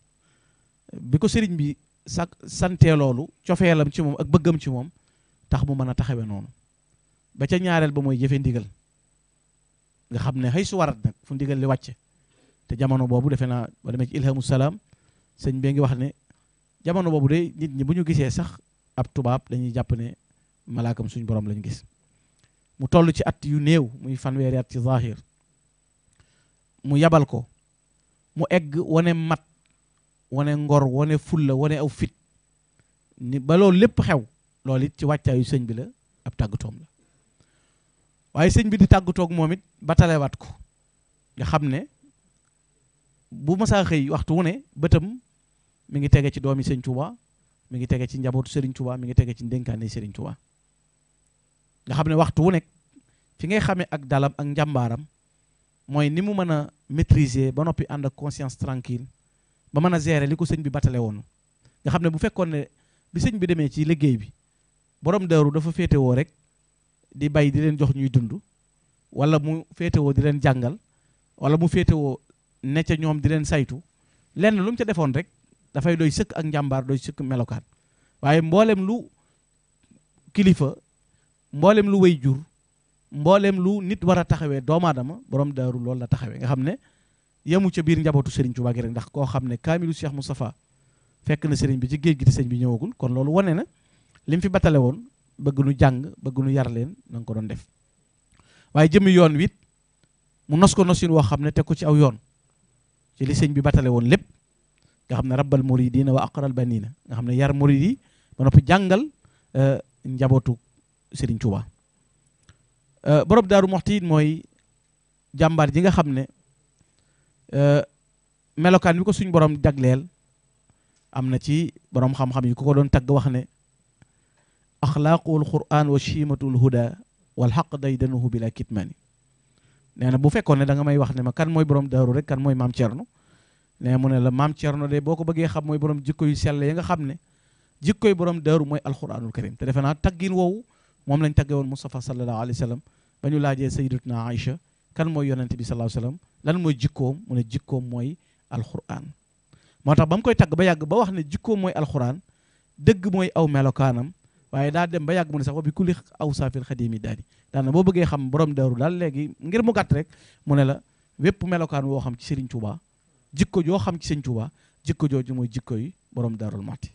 bi ko sëriñ bi sa santee loolu cofeelam ci moom ak bëggam ci moom tax mu mën a taxawe noonu ba ca ñaareel ba mooy jëfe ndigal nga xam ne xëy su warat nag fu ndigal li wàcce te jamono boobu defe naa ba demee ci ilhamu salaam sëñ bee ngi wax ne jamono boobu de nit ñi bu ñu gisee sax ab tubaab dañuy jàpp ne malaakam suñu boroom lañu gis mu toll ci at yu néew muy fanweeri at ci zahir mu yabal ko mu egg wane mat wane ngor wane fulla wane aw fit ni ba lépp xew loolu it ci wàccaayu sëñ bi la ab tàggatoom la waaye sëñ bi di tàggatoog moom it ba talewaat ko nga xam ne bu masaa xëy waxtu wu ne bëtam mu ngi tege ci doomi sëñ Touba mi ngi tege ci njabootu Serigne Touba mi ngi tege ci ndénkaane Serigne Touba nga xam ne waxtu wu nekk fi ngay xamee ak dalam ak njàmbaaram mooy ni mu mën a maîtriser ba noppi ànd ak conscience tranquille ba mën a gérer li ko sëñ bi batale woon nga xam ne bu fekkoon ne bi sëñ bi demee ci liggéey bi borom daaru dafa féete woo rek di bay di leen jox ñuy dund wala mu féetewoo di leen jàngal wala mu féetewoo ne ñoom di leen saytu lenn lu mu ca defoon rek dafay doy sëkk ak njàmbaar dooy sëkk melokaan waaye mboolem lu kilifa mboolem lu way jur mboolem lu nit war a taxawee doomu aadama borom daaru loolu la taxawee nga xam ne yemu ca biir njabootu sëriñ Touba gi rek ndax koo xam ne kaamilu Cheikh Moustapha fekk na sëriñ bi ci géej gi te sëñ bi ñëwagul kon loolu wane na li mu fi batale woon bëgg nu jàng bëgg nu yar leen na ko doon def waaye jëmi yoon wit mu nos ko nosin woo xam ne teg ko ci aw yoon ci li sëñ bi batale woon lépp nga xam ne rabbal muridina wa aqral na nga xam ne yar murid yi ba noppi jàngal euh, njabootu Sëriñ Tuuba euh, borom Daaru Muxti mooy jàmbaar ji nga xam ne euh, melokaan bi ko suñ borom jagleel am na ci boroom xam-xam yi ku ko doon tagg wax ne axlaaquwul quraan wa chiimatul huda wal xaq day danuhu bila kitmaani nee na bu fekkoon ne da may wax ne ma kan mooy borom daaru rek kan mooy maam Thierno nee mu ne la maam Thierno de boo ko bëggee xam mooy borom jikko yu sell nga xam ne jikko yu borom daaru mooy alquranul karim te defe naa taggin woowu moom lañ tagge woon Moustapha sallallahu alayhi wa sallam ba ñu laajee sayyidatuna Aïcha kan mooy yonente bi sallallahu alayhi wa lan mooy jikkoom mu ne jikkoom mooy alquran moo tax ba mu koy tagg ba yàgg ba wax ne jikkoom mooy alquran dëgg mooy aw melokaanam waaye daa dem ba yàgg mu ne sax wa bi kulli aw saafil xadimi daal daana boo bëggee xam borom daaru daal léegi ngir mu rek mu ne la wépp melokaan woo xam ci Serigne Touba jikko joo xam ci Serigne Touba jikko jooju mooy jikko yi borom daarul mati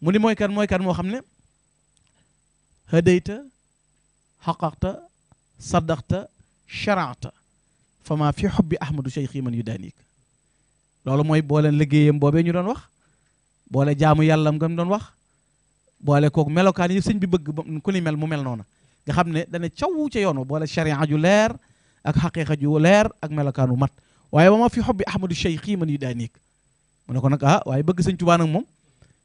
mu ni mooy kan mooy kan moo xam ne hadayta xaqaqta saddaqta sharaata fama fi xubbi ahmadu cheikh yi man yu daanik loolu mooy boole liggéeyam boobee ñu doon wax boole jaamu yàllam ngam doon wax boole kook melokaan yi sëñ bi bëgg ku ni mel mu mel noona nga xam ne dana caw ca yoonu boole sharia ju leer ak xaqiqa ju leer ak melokaan wu mat waaye ba ma fi xobbi ahmadu cheikh ma yu daa niik mu ne ko nag ah waaye bëgg sëñ Tuubaa nag moom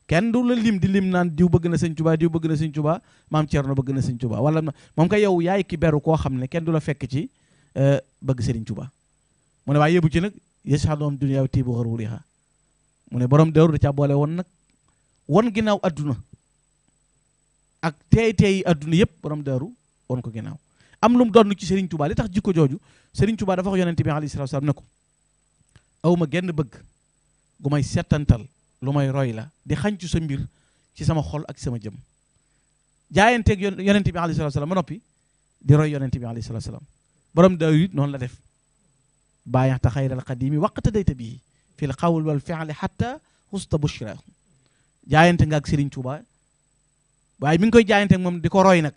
kenn du la lim di lim naan diw bëgg na sëñ Tuubaa diw bëgg na sëñ Tuubaa maam Cerno bëgg na sëñ Tuubaa wala moom kay yow yaay ki beru koo xam ne kenn du la fekk ci euh, bëgg sëriñ Tuubaa mu ne waaye yëbu ci nag yashadoom duniyaa tiibu xarwuliha mu ne borom daru da caa boole woon nag won ginnaaw adduna ak teey teey adduna yëpp borom daaru woon ko ginnaaw am lu mu doon ci Serigne Touba li tax jikko jooju Serigne Touba dafa wax yonente bi alayhi salaatu salaam na ko aw ma genn bëgg gu may settantal lu may roy la di xañcu sa mbir ci sama xol ak sama jëm jaayanteeg yonente bi alayhi salaatu salaam di roy yonente bi alayhi salaatu salaam borom daaru it noonu la def ta xayral qadimi waqta dayta bii fi l qawl wal fi'li xatta xusta bushra jaayante nga ak Serigne Touba waaye mi ngi koy jaayante moom di ko roy nag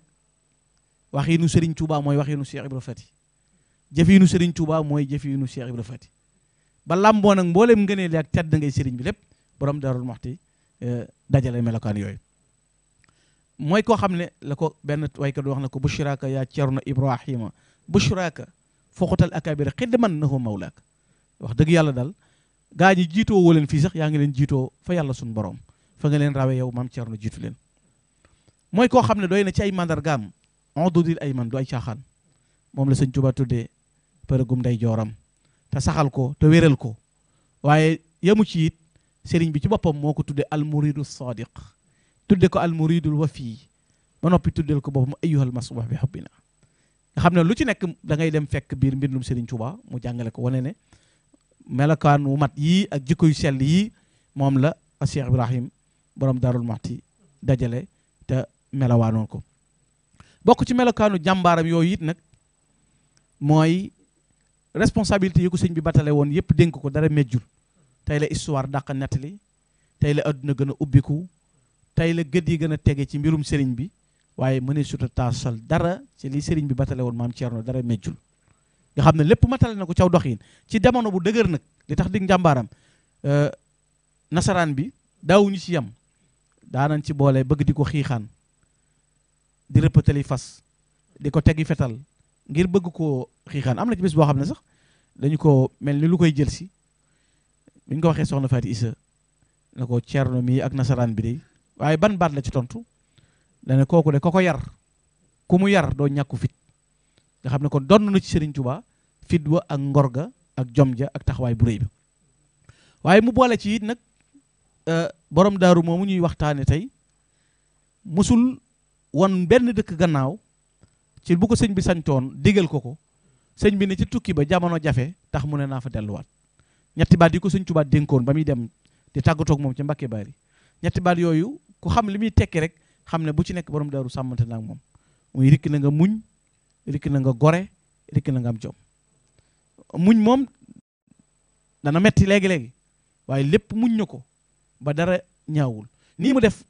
wax waxiinu Serigne Touba mooy wax waxiinu Cheikh Ibra Fati jëfiinu Serigne Touba mooy jëfiinu Cheikh Ibra Fati ba làmboo nag mboolem ngëneel ak tedd ngay Serigne bi lépp borom Daarul Muxti eh, dajale melokaan yooyu. mooy koo xam ne la ko benn waykat wax na ko bushraka yaa Cerno Ibrahima bushraka foqutal na xidman nahu mawlaak wax dëgg yàlla dal gaa ji jiitoo woo leen fii sax yaa ngi leen jiitoo fa yàlla suñu borom fa nga leen rawee yow maam Cerno jiitu leen mooy koo xam ne doy na ci ay mandargaam on dudil ay man du ay caaxaan moom la sëñ Tuba tuddee përëgum nday jooram te saxal ko te wéral ko waaye yamu ci it sëriñ bi ci boppam moo ko tuddee almuridu sadiq tudde ko almuridul wafi ba noppi tuddel ko boppam ayyuhal masbuh bi hubbina nga xam ne lu ci nekk da ngay dem fekk biir mbindum sëriñ Tuba mu jàngale ko wane ne melokaan wu mat yii ak jikko yu sell yii moom la Cheikh Ibrahim borom Darul Muhti dajale te melawaanoon ko bokk ci melokaanu jàmbaaram yooyu it nag mooy responsabilité yi ko sëñ bi batale woon yëpp dénk ko dara mejjul tey la histoire dàq nettali tey la àdduna gën a ubbiku tey la gët yi gën a tege ci mbirum sëriñ bi waaye mënee suta taasal dara ci li sëriñ bi batale woon maam Thierno dara mejjul nga xam ne lépp matale na ko caw doxin ci demono bu dëgër nag li tax dig njàmbaaram euh, nasaraan bi daawuñu ci yem daanañ ci boole bëgg di ko xiixaan di rëppatali fas di ko teggi fetal ngir bëgg koo xiixaan am na ci bés boo xam ne sax dañu ko mel ni lu koy jël si bi ñu ko waxee soxna Faati Isa na ko ceerno mii ak nasaraan bi de waaye ban baat la ci tontu dana kooku de ko yar ku mu yar doo ñàkku fit nga xam ne ko donn na ci Serigne Touba fit wa ak ngor ga ak jom ja ak taxawaay bu rëy bi waaye mu boole ci it nag euh, borom daaru moomu ñuy waxtaane tey musul wan benn dëkk gannaaw ci bu ko sëñ bi toon digal ko ko sëñ bi ne ci tukki ba jamono jafe tax mu ne naa fa delluwaat ñetti baat yi ko sëñ Tuubaa dénkoon ba muy dem di tàggatoog moom ci Mbàkke Baari ñetti baat yooyu ko xam li muy tekki rek xam ne bu ci nekk borom daaru sàmmante na ak moom muy rikk na nga muñ rikk na nga gore rikk na nga am jom muñ moom dana metti léegi-léegi waaye lépp muñ na ko ba dara ñaawul nii mu def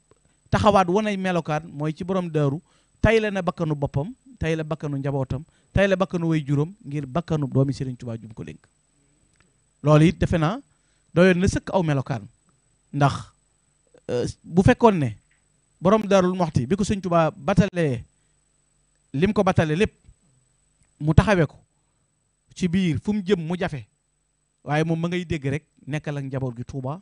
taxawaat wan melokaan mooy ci borom daaru tay na bakkanu boppam tay la bakkanu njabootam tay bakkanu way juróom ngir bakkanu doomi Serigne Touba jum ko lénk loolu it defe naa doyoon na sëkk aw melokaan ndax euh, bu fekkoon ne borom daarul moxti bi ko Serigne Touba batalee lim ko batale lépp mu taxawe ko ci biir fu jëm mu jafe waaye moom ma ngay dégg rek nekkal ak njaboot gi tuubaa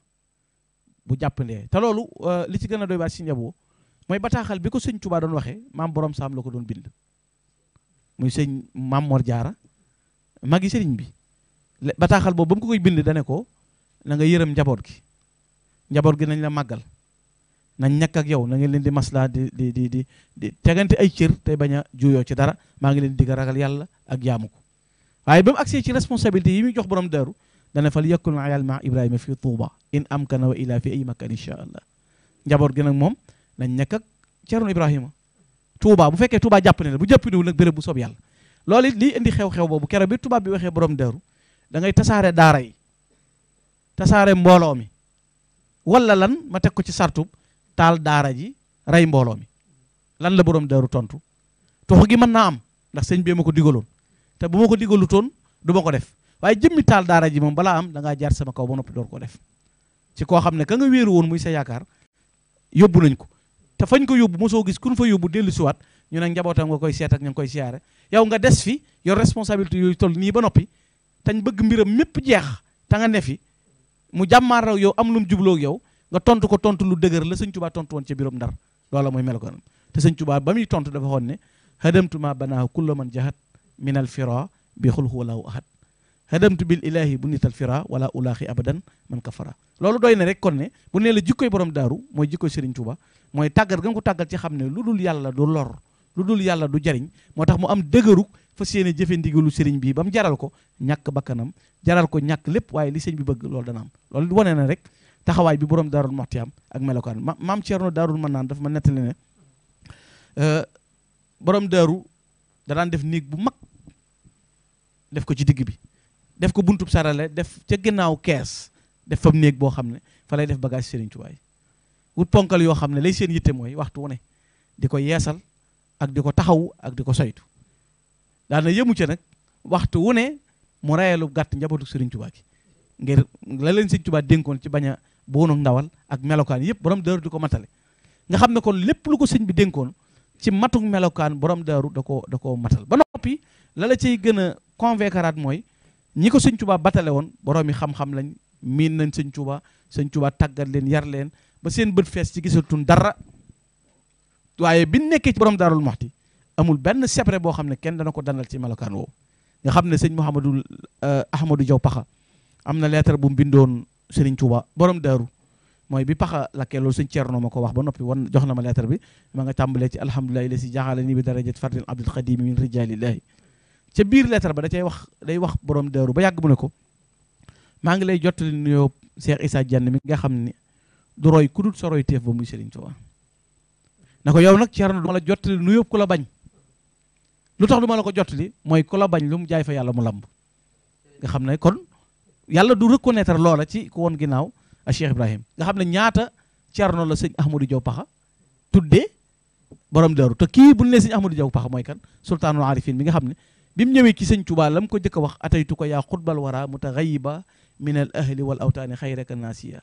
bu jàppandee te loolu euh, li ci gën a doy waar si njaboo mooy bataaxal bi ko sëñ doon waxee maam borom saam la ko doon bind muy sëñ maam Mor Jaara magi sëriñ bi bataaxal boobu ba mu ko koy bind dane ko na nga yërëm njaboot gi njaboot gi nañ la màggal na ñàkk ak yow na ngeen leen di maslaa di di di di di tegante ay cër tey bañ a juyoo ci dara maa ngi leen di digg ragal yàlla ak jaamu ko waaye ba mu agsee ci responsabilité yi muy jox borom daru dana fal yakul ayal ma ibrahima fi Touba in amkana wa ila fi ay makan incha allah njaboot gi nag moom nañ nekk ak Ceerno Ibrahima Touba bu fekkee Touba jàpp ne la bu jàppandiwul nag béréb bu soob yàlla loolu it lii indi xew-xew boobu keroog bi tubaab bi waxee borom daaru da ngay tasaare daara yi tasaare mbooloo mi wala lan ma teg ko ci sartub taal daara ji rey mbooloo mi lan la borom daaru tontu toxu gi mën naa am ndax sëñ bi ma ko digaloon te bu ma ko digalutoon du ko def waaye jëmmi taal daara ji moom balaa am da jaar sama kaw ba noppi door koo def ci koo xam ne ka nga wéeru woon muy sa yaakaar yóbbu nañ ko te fañ ko yóbbu mosoo gis kun fa yóbbu dellu siwaat ñu ne njabootam nga koy seet ak ñu ngi koy siyaare yow nga des fi yor responsabilité yooyu toll nii ba noppi tañ bëgg mbiram mépp jeex ta nga ne fi mu jàmmaar yow am lu mu jubloo yow nga tontu ko tontu lu dëgër la sëñ Tuubaa tontu woon ca biiram Ndar loola mooy melokaanam te sëñ ba muy tontu dafa xoon ne hadamtuma banaahu kullu man jahat min al fira bi xulhu walaahu hadamtu bil ilahi bu nital fira wala ulaaxi abadan man kafara loolu doy na rek kon ne bu nee la jikkoy borom daaru mooy jikkoy Serigne Touba mooy tàggat ga nga ko tàggal ci xam ne lu dul yàlla du lor lu dul yàlla du jariñ moo tax mu am dëgëru fa séene jëfe ndigalu sëriñ bii ba mu jaral ko ñàkk bakkanam jaral ko ñàkk lépp waaye li sëñ bi bëgg loolu danaam loolu loolu wane na rek taxawaay bi borom daarul moxti am ak melokaan ma maam Thierno daarul mën naan dafa ma nettali ne euh, borom daaru def néeg bu mag def ko ci digg bi def ko buntub sarale def ca ginnaaw kees def fam néeg boo xam ne fa lay def bagage Serigne Touba wut ponkal yoo xam ne lay seen yitte mooy waxtu wu di ko yeesal ak di ko taxaw ak di ko soytu daana yëmu ca nag waxtu wu ne mu rayalu gàtt njabootu Serigne Touba gi ngir la leen Serigne Touba dénkoon ci bañ a boonu ndawal ak melokaan yëpp borom daaru di ko matale nga xam ne kon lépp lu ko sëñ bi dénkoon ci matuk melokaan borom daaru da ko da koo matal ba noppi la la cay gën a convaincre mooy ñi ko sëñ Tuubaa batale woon boroomi xam-xam lañ miin nañ sëñ Tuubaa sëñ Tuubaa tàggat leen yar leen ba seen bët fees ci gisatun dara waaye bi nekkee ci borom daarul moxti amul benn sebre boo xam ne kenn dana ko dandal ci melokaan woowu nga xam ne sëñ Mouhamadou eh, Ahmadou Diaw Paxa am na lettre bu mu bindoon Serigne Touba borom daaru mooy bi Paxa lakkee loolu sëñ Thierno ma ko wax ba noppi wan jox na ma lettre bi ma nga tàmbalee ci alhamdulilah ila si jaaxale ni bi darajat fardin abdul xadimi min rijalillahi ca biir lettre ba da cay wax day wax borom daaru ba yàgg mu ne ko maa ngi lay jottali nuyoo Cheikh Issa Diagne mi nga xam ne du roy ku dul sa roy teef ba muy Serigne Touba na ko yow nag Thierno du ma la jottali nuyoo ku la bañ lu tax du ma la ko jottali mooy ku la bañ lu mu jaay fa yàlla mu lamb nga xam ne kon yàlla du reconnaître loola ci ku woon ginnaaw a Cheikh Ibrahim nga xam ne ñaata Thierno la sëñ Ahmadou Diaw Paxa tuddee borom daaru te kii bu ne sëñ Ahmadou Diaw Paxa mooy kan sultaanul arifin mi nga xam ne bi mu ñëwee ci sëñ Tuubaa la mu ko jëkk a wax ataytu ko yaa xutbal wara mutagayiba min al ahli wal awtaani xayraka naasiya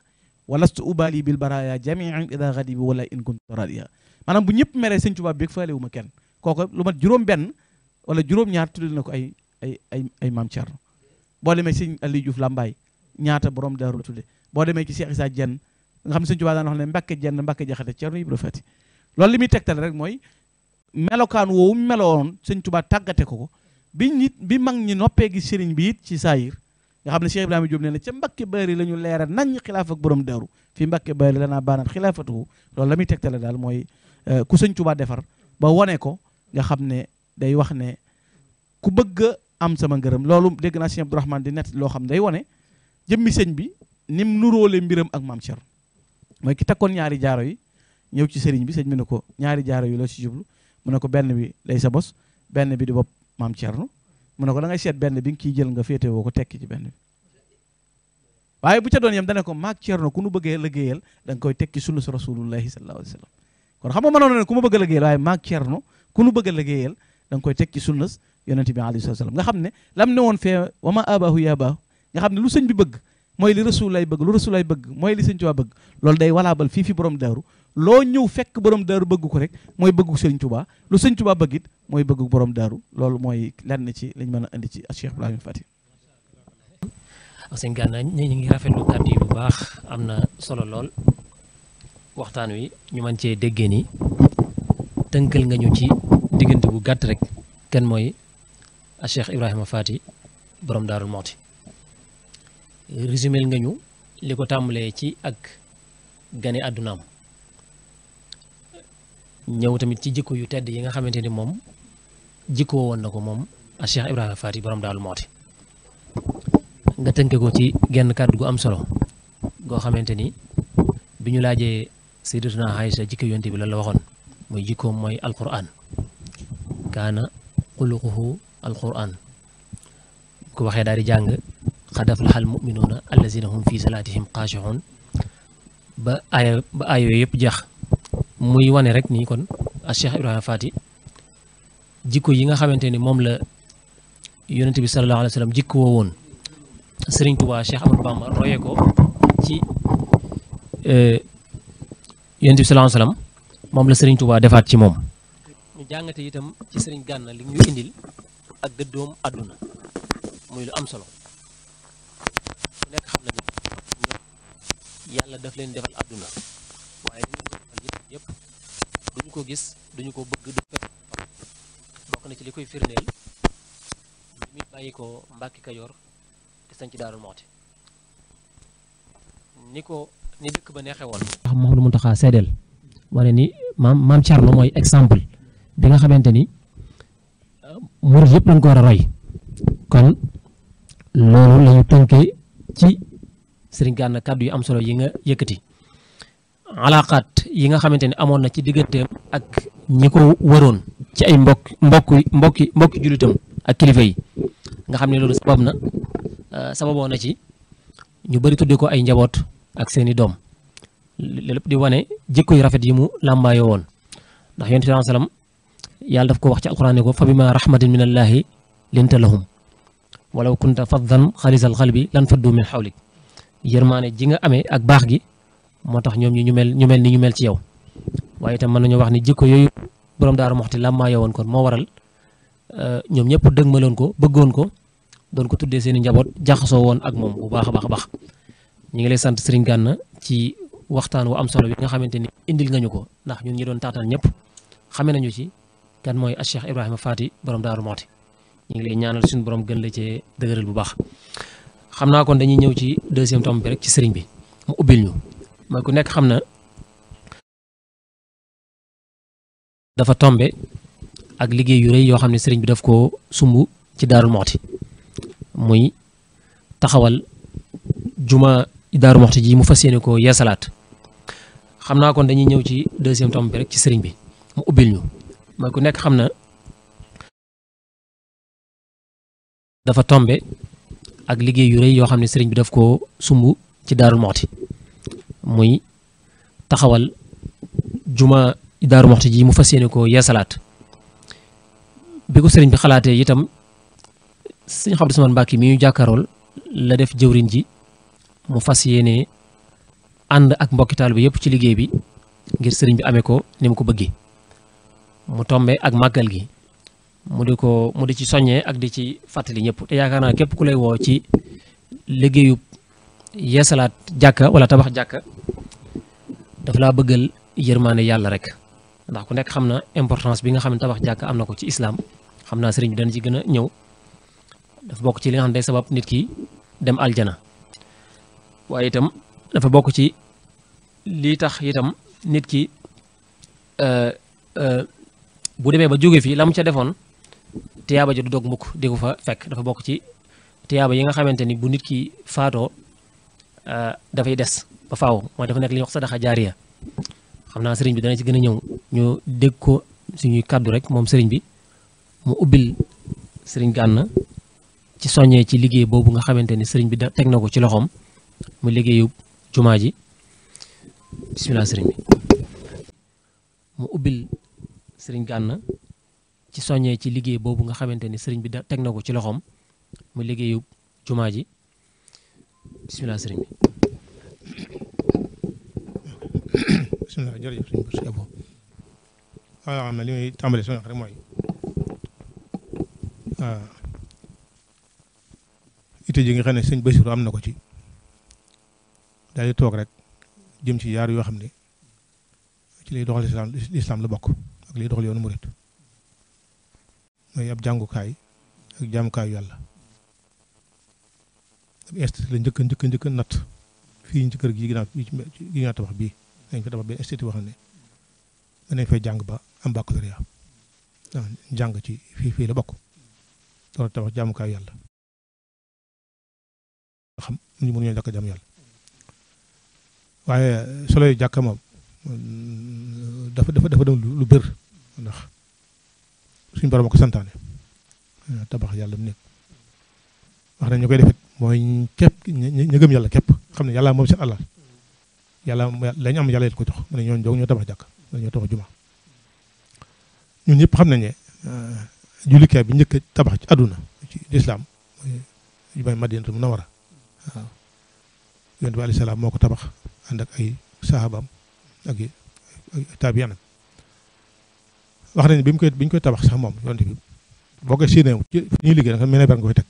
walastu ubali bil baraya jamian ida gadibi wala in kuntu radiya maanaam bu ñëpp meree sëñ bi beeg faalewu ma kenn kooku lu mat juróom benn wala juróom ñaar tuddal na ko ay ay ay ay maam Thierno boo demee sëñ Aliou Diouf Lambaay ñaata borom daaru la tudde boo demee ci Cheikh Issa Dieng nga xam ne sëñ Tuubaa daan wax ne Mbàkke Dieng Mbàkke Jaxate Thierno Ibra loolu li muy tegtal rek mooy melokaan woowu melowoon sëñ Tuubaa tàggate ko ko bi nit bi mag ñi noppee gi sëriñ bi it ci saayir nga xam ne Cheikh Ibrahima Diop nee na ca Mbacke Bari la ñu leeral nañ xilaaf ak borom daaru fii Mbacke Bari la naa baanaat xilaafatu loolu la muy tegtale daal mooy euh, ku sëñ Tuubaa defar ba wone ko nga xam ne day wax ne ku bëgg am sama ngërëm loolu dégg naa Cheikh Abdourahmane di nett loo xam day wane jëmmi sëñ bi nim nuróole mbiram ak maam Thierno mooy ki takkoon ñaari jaaro yi ñëw ci sëriñ bi sëñ bi ne ko ñaari jaaro yi loo ci jublu mu ne ko benn bi lay sa bos benn bi di maam Thierno mu ne ko dangay seet benn bi nga ciy jël nga féete woo ko tekki ci benn bi waaye bu ca doon yem dane ko maag Thierno ku nu bëggee liggéeyal da nga koy tekki sunna su rasulullahi sallallahu alayhi wa sallam kon xam nga mënoon na ne ku ma bëgg a liggéeyal waaye maag Thierno ku nu bëgg a liggéeyal da nga koy tekki sunna yonente bi alayhi nga xam ne lam ne woon fee wama abahu ya baahu nga xam ne lu sëñ bi bëgg mooy li rasul lay bëgg lu rasul lay bëgg mooy li señ Tuubaa bëgg loolu day walaabal fii fi borom daaru loo ñëw fekk borom daaru bëgg ko rek mooy bëggu sëriñ Tuubaa lu sëriñ Tuubaa bëggit mooy bëggu boroom daaru loolu mooy na ci lañ mën a indi ci Cheikh Ibrahima Fati sëñ Gana ñu ngi rafetlu kàddu bu baax am na solo lool waxtaan wi ñu mën cee déggee ni tënkal nga ñu ci diggante bu gàtt rek kan mooy Cheikh Ibrahima Fati borom daarul Moxti résumé nga ñu li ko tàmbalee ci ak gane àddunaam ñëw tamit ci jikko yu tedd yi nga xamante ni moom jikkoo woon na ko moom a Cheikh Ibrahima Faty borom Daaru Muxti nga tënke ko ci genn kàddu gu am solo goo xamante ni bi ñu laajee Sayyidatuna Aïcha jikko yonte bi lan la waxoon muy jikkoom mooy alquran kaana xuluquhu alquran bu ko waxee daal di jàng xad aflaxa almuminuuna allazina hum fi salaatihim xaashi'uun ba aaya ba aaya yooyu yëpp jeex muy wane rek nii kon a Cheikh Ibrahima Fati jikko yi nga xamante ni moom la yonente bi sallallahu alayhi wa sallam woon Sëriñ Tuubaa Cheikh Ahmadou Bamba royee ko ci e, yonente bi sallallahu alayhi wa moom la Sëriñ Tuubaa defaat ci moom ñu jàngate itam ci Sëriñ Gànna li ñu indil ak dëddoom àdduna muy lu am solo nekk xam nañu yàlla daf leen defal àdduna yëpp duñu ko gis duñu ko bëgg duñu ko bokk na ci li koy firndeel li muy bàyyi ko Mbàkke Kajoor te ci Daaru Muxti ni ko ni dëkk ba neexee woon ndax moom lu mun taxaa ni maam maam Thierno mooy exemple bi nga xamante ni ah, murid yëpp lañ ko war a roy kon loolu lañu tënkee ci sëriñ Gana kàddu yu am solo yi nga yëkkati alaaqaat yi nga xamante ne amoon na ci digganteem ak ñi ko waroon ci ay mbokk mbokk mbokki mbokki jullitam ak kilifa yi nga xam ne loolu sabab na euh, sababoon na ci ñu bari tuddee ko ay njaboot ak seeni doom lépp di wane jikko yu rafet yi mu làmbaayoo woon ndax yonent bi salaam yàlla daf ko wax ci alquran ne ko fa bima rahmatin min allahi linta lahum walaw kunta faddan xalisal xalbi lan faddu min xawlik yërmaane ji nga amee ak baax gi moo tax ñoom ñi ñu mel ñu mel ni ñu mel ci yow waaye tam mën nañoo wax ni jikko yooyu borom daaru moxti làmmaa yowoon kon moo waral euh, ñoom ñëpp dëgmaloon ko bëggoon ko doon ko tuddee seen i njaboot jaxasoo woon ak moom bu baax a baax baax ñu ngi lay sant Serigne Gana ci waxtaan wu am solo bi nga xamante ni indil nga ko ndax ñun ñi doon taataan ñëpp xame nañu ci kan mooy a Cheikh Ibrahima Faty borom daaru moxti ñu ngi lay ñaanal suñu borom gën la cee dëgëral bu baax xam naa kon dañuy ñëw ci deuxième tome bi rek ci sëriñ bi mu ñu mooy ku nekk xam na dafa tombe ak liggéey yu rëy yoo xam ne sëriñ bi daf koo sumb ci Daaru Moxti muy taxawal juma Daaru Moxti ji mu fas yéene koo yeesalaat xam naa kon dañuy ñëw ci deuxième tomb bi rek ci sëriñ bi mu ubbil ñu mooy ku nekk xam na dafa tombe ak liggéey yu rëy yoo xam ne sëriñ bi daf koo sumb ci Daaru Moxti muy taxawal juma daaru moxti ji mu fas yéene ko yeesalaat bi ko sëriñ bi xalaatee itam sëñ Abdou Samane Mbàkke mi ñu jàkkaarool la def jëwriñ ji mu fas yéene ànd ak mbokki taalibe bi yëpp ci liggéey bi ngir sëriñ bi amee ko ni mu ko bëggee mu tombe ak màggal gi mu di ko mu di ci soññee ak di ci fàttali ñëpp te yaakaar naa képp ku lay woo ci liggéeyu yeesalaat jàkka wala tabax jàkka dafa laa bëggal yërmaane yàlla rek ndax ku nekk xam na importance bi nga xam ne tabax jàkka am na ko ci islam xam naa sëriñ bi dana ci gën a ñëw dafa bokk ci li nga xam nit ki dem aljana itam dafa bokk ci lii tax itam nit ki euh, euh, bu demee ba jóge fii la mu ca defoon tiyaaba ja du dog mukk di ko fa fekk dafa bokk ci tiyaaba yi nga xamante ni bu nit ki faatoo Euh, dafay des ba faaw moo dafa nekk li ñuy wax jaariya xam naa sëriñ bi dana ci gën a ñëw ñu dégg ko suñuy kàddu rek moom sëriñ bi mu ubbil sëriñ Gana ci soññee ci liggéey boobu nga xamante ni sëriñ bi da teg na ko ci loxoom mu liggéeyu jumaa ji bisimilah sëriñ ubbil sëriñ Gana ci soññee ci liggéey boobu nga xamante ni sëriñ bi da teg na ko ci loxoom mu liggéeyu jumaa ji bisimilah sëriñ bi. bisimilah jërëjëf sëriñ bi sëriñ Abo waaw li muy tàmbali suñu wax ah, ji nga xam ne sëñ Bassirou am na ko ci daal di toog rek jëm ci yaar yoo xam ne ci liy doxal islam islam la bokk ak liy doxal yoonu murit mooy ab jàngukaay ak jàmmukaayu yàlla. institut la njëkk njëkk njëkk natt fii ñu ci kër gi ginnaaw gi ñu tabax bii dañ fa tabax benn institut boo xam ne danañ fay jàng ba am baccalauréat jàng ci fii fii la bokk loolu tabax jaamukaay yàlla xam ñu mën ñoo jàkk jaam yàlla waaye soloy jàkka moom dafa dafa dafa dem lu bër ndax suñu borom a ko santaane tabax yàlla mu nekk wax nañ ñu koy def mooy képp ñu gëm yàlla képp xam ne yàlla moom seen alal yàlla lañ am yàlla ko jox mu ne ñooñu ñoo tabax jàkk mu ne ñoo tabax juma ñun ñëpp xam nañ ne euh, jullikaay bi njëkk tabax ci àdduna ci lislaam mooy jumaay Madinatu Munawara waaw yonent bi alayhi moo ko tabax ànd ak ay sahabaam ak i taabiyanam wax nañ bi mu koy koy tabax sax moom yonent bi boo koy séenee ci fi ñuy liggéey nag mel ne ber nga koy teg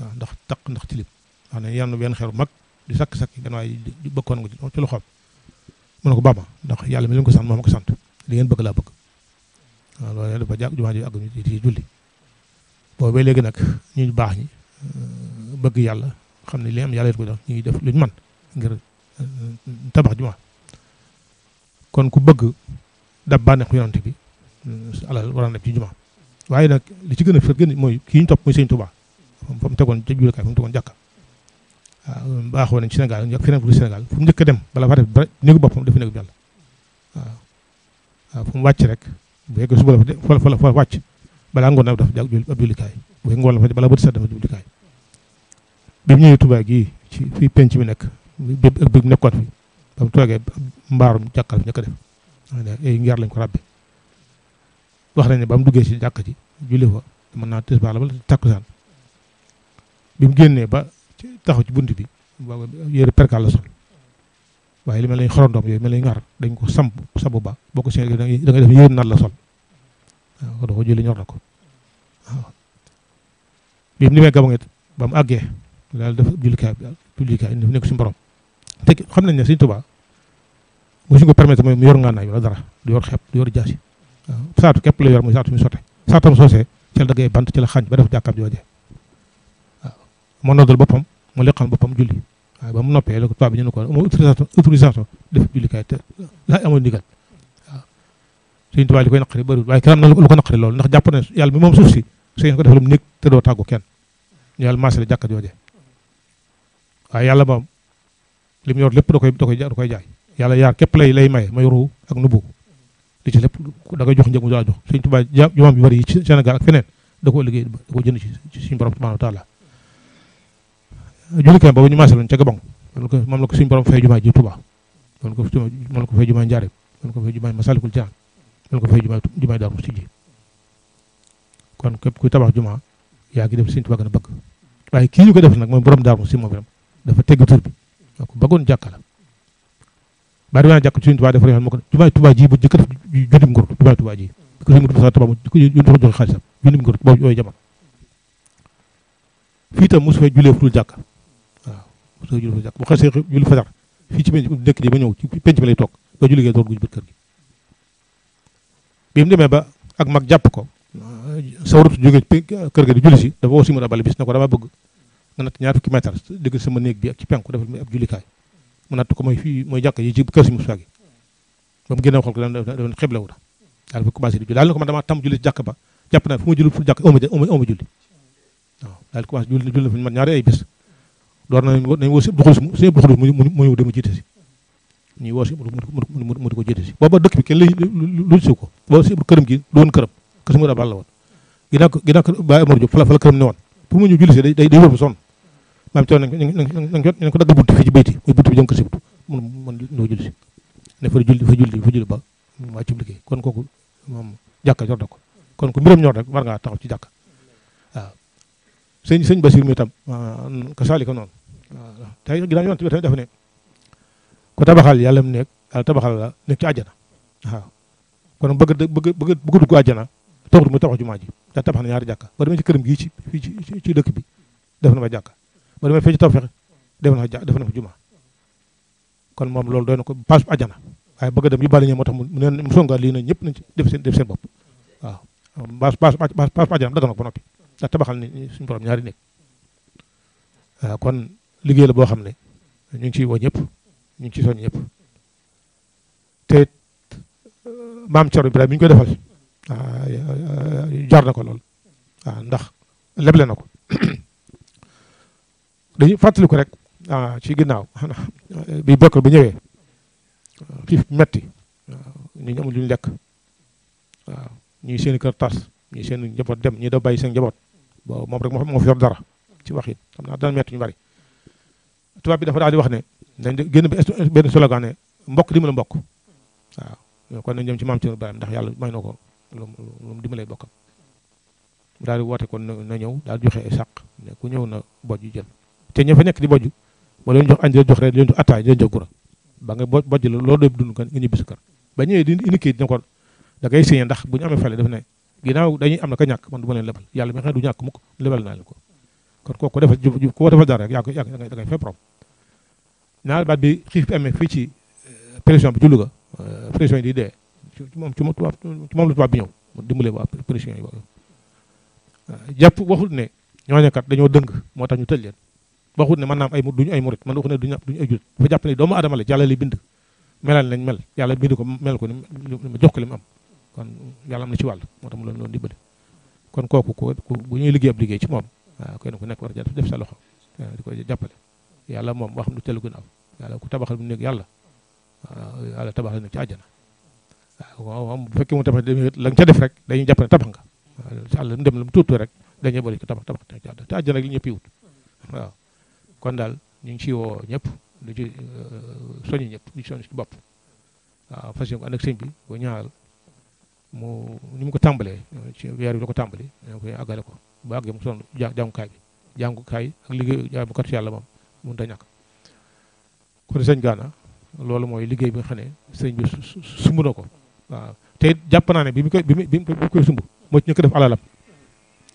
waaw ndax taq ndax tilib wax ne yàlla wenn benn xeeru mag di sakk-sakk gan waaye bëggoon nga ci loxoom mu ne ko baba ndax yàlla mu leen ko sant moom ko sant li ngeen bëgg laa bëgg waaw loolu dafa jàpp jumaa ji àgg ñu ci julli boo ba léegi nag ñu baax ñi euh, bëgg yàlla xam ne li am yàlla it ko def ñuy def lu ñu man ngir euh, tabax jumaa kon ku bëgg dab bànneexu yonante bi euh, alal war a ci jumaa waaye nag li ci gën a fër gën mooy kii ñu topp muy sëñ Tuubaa fa mu tegoon jullikaay fa mu tegoon jàkka waaw baaxoo nañ senegal feneen fu Sénégal fu mu njëkk a dem bala fa def ba néegu boppam def néegu bi yàlla waaw waaw fu mu wàcc rek bu fekkee suba la wàcc balaa ngoon daf jàpp ab jullikaay bu bala bët sax dama jullikaay bi mu ñëwee Touba gii ci fii penc mi nekk bépp ak bépp nekkoon fi ba mu toogee mbaarum jàkkal fi ñu def ay ngeer lañ ko ràbbe wax nañ ba mu duggee si jàkka ji julli fa mën naa tisbaar la wala takkusaan bi mu génnee ba taxaw ci bunt bi booba yére perkal la sol waaye li mel ni xorondoom yooyu mel ni ngar dañ ko samp samp ba boo ko séen da ngay def yére nat la sol waaw kon ko jëli ñor na ko bi mu ni mee gabon ba mu àggee daal dafa jullikaay bi dafa nekk si borom te xam nañ ne Sëriñ Tuubaa mosuñ ko permettre mooy mu yor ngànnaay wala dara du yor xepp du yor jaasi waaw saatu képp la yor muy saatu mi sotte saatam soosee ci la daggee bant ci la xàññ ba def jàkkaam jooje moo noddal boppam mu leqal boppam julli waaye ba mu noppee la ko tubaab bi ñu ne ko amul autorisation autorisation def jullikaay te la amul ndigal waaye kenn na lu ko naqari loolu ndax jàpp na yàlla bi moom suuf si su ngeen ko defalum néeg te doo tàggu kenn ñu yàlla maasale jooje waaye yàlla moom li mu lépp da koy da koy da koy jaay yàlla yaar képp lay lay may may ruuw ak nubu li ci jox njëg mu daa jox suñu tubaab jumaam yu da koo liggéey da koo jënd ci jullikaay boobu ñu maasaloon ca Gabon loolu ko moom la ko suñu borom fay jumaa ji Tuubaa ko moom la ko fay jumaa Njaaréem loolu ko fay jumaa ko fay jumaa jumaa Daaru Musti ji kon képp kuy tabax jumaa yaa a bëgg waaye kii ñu ko def nag mooy borom Daaru Musti moom itam dafa tegg tur bi moo ko bëggoon jàkka ko jumaa Tuubaa ji bu jëkk def jundim nguur jumaa Tuubaa ji ko tam mosu fay julee fu dul jàkka soo julli fajar bu xasee julli ba ñëw ci penc bi lay toog doo julli gee door gu bët kër gi bi mu ba ak mag jàpp ko sawaratu jóge bi ak ci penku defal mi ab jullikaay mu natt ko mooy fii mooy jàkk yi ci kër si Moussa gi ba mu génne xool ko dafa xeble wu daal fa commencé di julli daal na ko man dama julli si jàkk ba julli fu julli waaw daal commencé julli na fi man ñaari ay bis door nañ nañ woo si Abdou Khoudoss mu si Abdou Khoudoss mu ñëw dem jiite mu di ko jiite si booba dëkk bi kenn lu si ko booba si këram gi doon këram këram ne woon pour mu ñëw julli si day day wër bu sonn maam ci nañ ko ko dagg bunt fii ci béyti muy bunt bi jëm kër si mun mun ñëw julli si ne fa julli fa julli fa julli ba wàccub liggéey kon kooku moom jàkka ñor na ko kon ku mbiram ñor rek war taxaw ci jàkka sëñ sëñ Basiir mi tam ka saalika noonu waaw tey ginnaaw yoon tamit dafa ne ko tabaxal yàlla mu nekk yàlla tabaxal la nekk ci àjjana waaw kon bëgg bëgg bëgg bëgg dugg àjjana taxut mu tabax jumaa ji ndax tabax na ñaari jàkka ba demee ci këram gii ci ci dëkk bi def na fa jàkka ba demee fee ci tawfeex def na fa ja na fa jumaa kon moom loolu doy na ko paas àjjana waaye bëgg dem yu bari ñoom moo tax mu ne mu songaat lii na ñëpp nañ ci def seen def seen bopp waaw paas paas paas àjjana dëgg na ko ba ndax tabaxal ni suñu borom ñaari nekk ah, kon liggéey la boo xam ne ñu ngi ciy woo ñëpp ñu ngi ciy soñ ñëpp te ah, maam Thierno bi bi ñu koy defal ah, jar na ko lool ndax leble na ko <coughs> dañuy fàttali ko rek ci ginnaaw <coughs> bi bokk ba ñëwee xiif metti waaw ñu amul lu ñu lekk waaw ñuy kër tas ñi seen njaboot dem ñi da bàyyi seen njaboot bo moom rek moo moo fi yor dara ci wax it xam naa dana metti ñu bari tubaab bi dafa daal di wax ne dañ génn benn slogan ne mbokk dimbali mbokk waaw kon nañ dem ci maam Thierno Ibrahima ndax yàlla ko lu mu dimbalee bokkam daal di woote kon na ñëw daal joxe ay sàq ne ku ñëw na bojj jël te ña fa nekk di bojj ba leen jox añ di leen jox reer di leen jox attaay di leen jox gura ba nga bojj loolu doy dund nga ñibbi sa ba ñëwee di indi kii dina ko da ngay signé ndax bu amee fale dafa ne ginnaaw dañuy am na ko ñàkk man du ma leen lebal yàlla mi nga xam du ñàkk mukk lebal naa leen ko kon kooku ko defal ko defal dara rek yaa ko yaa da ñaar baat bi xiif bi fii ci euh, pression bi ci Louga euh, pression yi di moom ci moom tubaab ci moom la tubaab bi ñëw mu dimbale waa pression yi waaw euh, jàpp waxul ne ñooñu kat dañoo dëng moo tax ñu tëj leen waxut ne man naam ay duñu ay murit man waxut ne duñu ay julit dafa jàpp ne doomu aadama la yàlla li bind melal nañ mel yàlla bind ko mel ko ni jox ko li mu am kon yàlla am na ci wàll moo tax mu loolu loon dimbali kon kooku ko bu ñuy liggéey ab liggéey ci moom waaw kenn ku nekk war def sa loxo di yàlla moom wax du teel gën aw ku tabaxal bu nekk yàlla waaw yàlla tabaxal ci àjjana waaw bu fekkee mu tabax la nga def rek dañuy jàpp ne tabax nga waaw ci rek dañuy boole ko tabax tabax te àjjana ñëpp wut kon daal ñu ngi ci woo ñëpp lu euh, ci soññ ñëpp lu ci soññ ci bopp waaw fas ko ànd ak sëñ bi ko ñaanal mu ni mu ko tàmbalee ci weer bi la ko tàmbali dina ko àggale ko ba àggee mu sonn jàngukaay bi jàngukaay ak liggéey a ñàkk kon sëñ Gana loolu mooy liggéey bi nga xam ne bi sumb ko waaw te it jàpp naa ne bi mu koy bi mu koy ko def alalam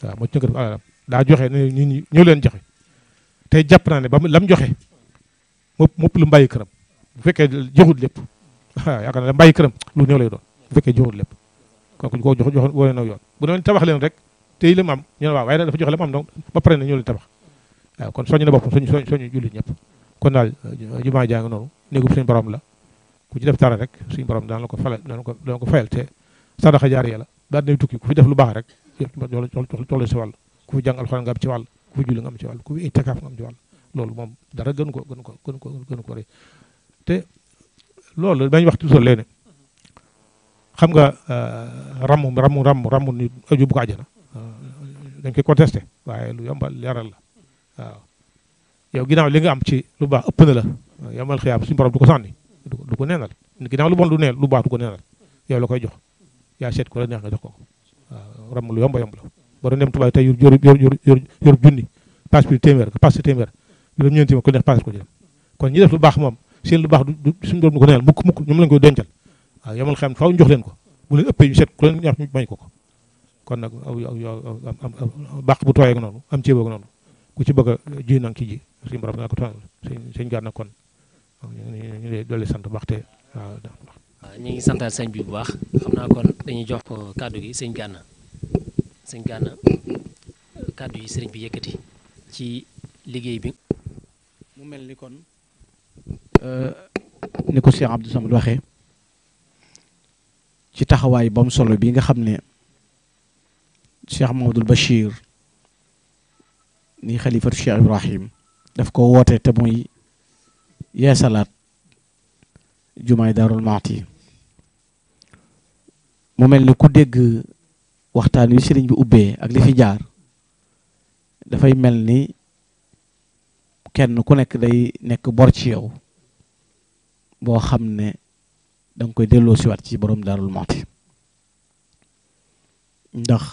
waaw moo ci ñu ko def alalam daa joxe ne nit ñi ñëw leen joxe tey jàpp naa lam joxe mopp mopp lu mbàyyi këram bu fekkee joxut lépp waaw <laughs> yaakaar naa mbàyyi këram lu néew lay doon bu fekkee joxut lépp kooku koo jox jox wóoree na yoon bu doon tabax leen rek tey la maam ñu ne waaw waaye dafa jox la maam donc ba pare na ñu leen tabax waaw kon soññ na boppam soññ soññ soññ jullit ñëpp kon daal euh, jumaa jaa nga noonu néegub suñu borom la ku ci def dara rek suñu borom daan la ko fayal daan ko daan ko fayal te sadaxa jaariya la daal dinañ tukki ku fi def lu baax rek jox la si wàll ku fi jàng alxuraan nga am ci wàll ku fi julli nga am ci wàll ku fi itikaaf nga am ci wàll loolu moom dara gën ko gën ko gën ko gën ko te loolu dañuy wax toujours léegi xam nga euh, ramu ramu ramu ramu ni aju bu ko àjjana euh, dañ koy contesté waaye lu yombal leeral la waaw yow ginnaaw li nga am ci lu baax ëpp na la yombal xiyaam suñu borom du ko sànni du ko neenal ginnaaw lu bon lu baax ko neenal yow la koy jox yaa seet ko la neex nga jox ko waaw ramu lu yomba yomb la boo doon dem tubaab tey yor junni passe bi téeméer passe téeméer juróom ñeenti ma ko kon ñi def lu baax moom seen lu baax du suñu borom ko mukk ñoom lañ koy dencal waaw yomal xam faaw ñu jox leen ko bu leen ëppee ñu set ku leen ñor ko kon nag aw aw bàq bu tooyee noonu am ku ci bëgg a ji na nga ci ji suñu borom ko toog suñ suñ kon ñu ngi sant sëñ bi bu baax xam naa dañuy jox ko kàddu gi sëñ gànna sëñ gànna bi yëkkati ci liggéey bi. mel ni kon. Euh, ni ko Cheikh Abdou ci taxawaay bam solo bi nga xam ne Cheikh Mamadou Bachir ni xalifatu Cheikh Ibrahim daf ko woote te muy yeesalaat jumaay Daarul Maati mu mel ni ku dégg waxtaan wi sëriñ bi ubbee ak li fi jaar dafay mel ni kenn ku nekk day nekk bor ci yow boo xam ne da koy delloo siwaat ci borom daarul moxti ndax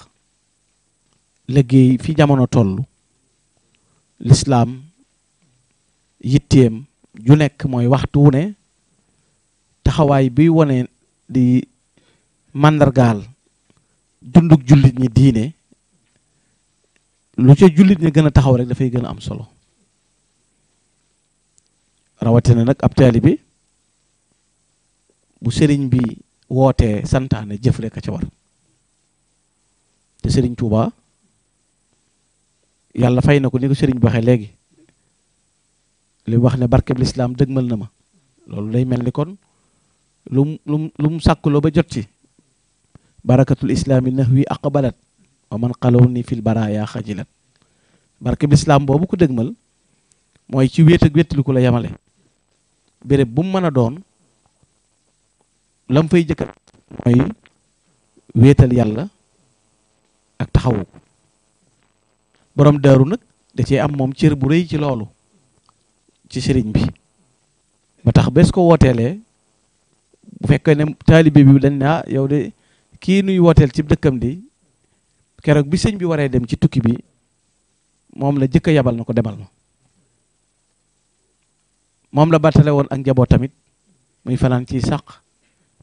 liggéey fi jamono toll lislaam yitteem ju nekk mooy waxtu ne taxawaay bi wone di màndargaal dunduk jullit ñi diine lu ca jullit ñi gën a taxaw rek dafay gën a am solo rawatina nag ab taalibe bi bu sëriñ bi wootee santaane jëf rek a ca war te sëriñ Touba yàlla fay na ko ni ko sëriñ bi waxee léegi li wax ne barkeb lislaam dëgmal na ma loolu day mel ni kon lum lu mu sàkkuloo ba jot ci barakatul islaami nahwi aqbalat wa man xalaw ni fil baraaya xajilat barkeb lislaam boobu ko dëgmal mooy ci wéet ak ko la yemale béréb bu mu mën a doon lam fay jëkkat mooy wéetal yàlla ak taxawu boroom borom daaru nag da cee am moom cër bu rëy ci loolu ci sëriñ bi ba tax bés ko wooteelee bu fekkee ne taalibe bi dañ naa ah, yow de kii nuy wooteel ci dëkkam di keroog bi sëñ bi waree dem ci tukki bi moom la jëkk a yabal na ko demal ma moom la batale woon ak njaboot tamit muy fanaan ciy sàq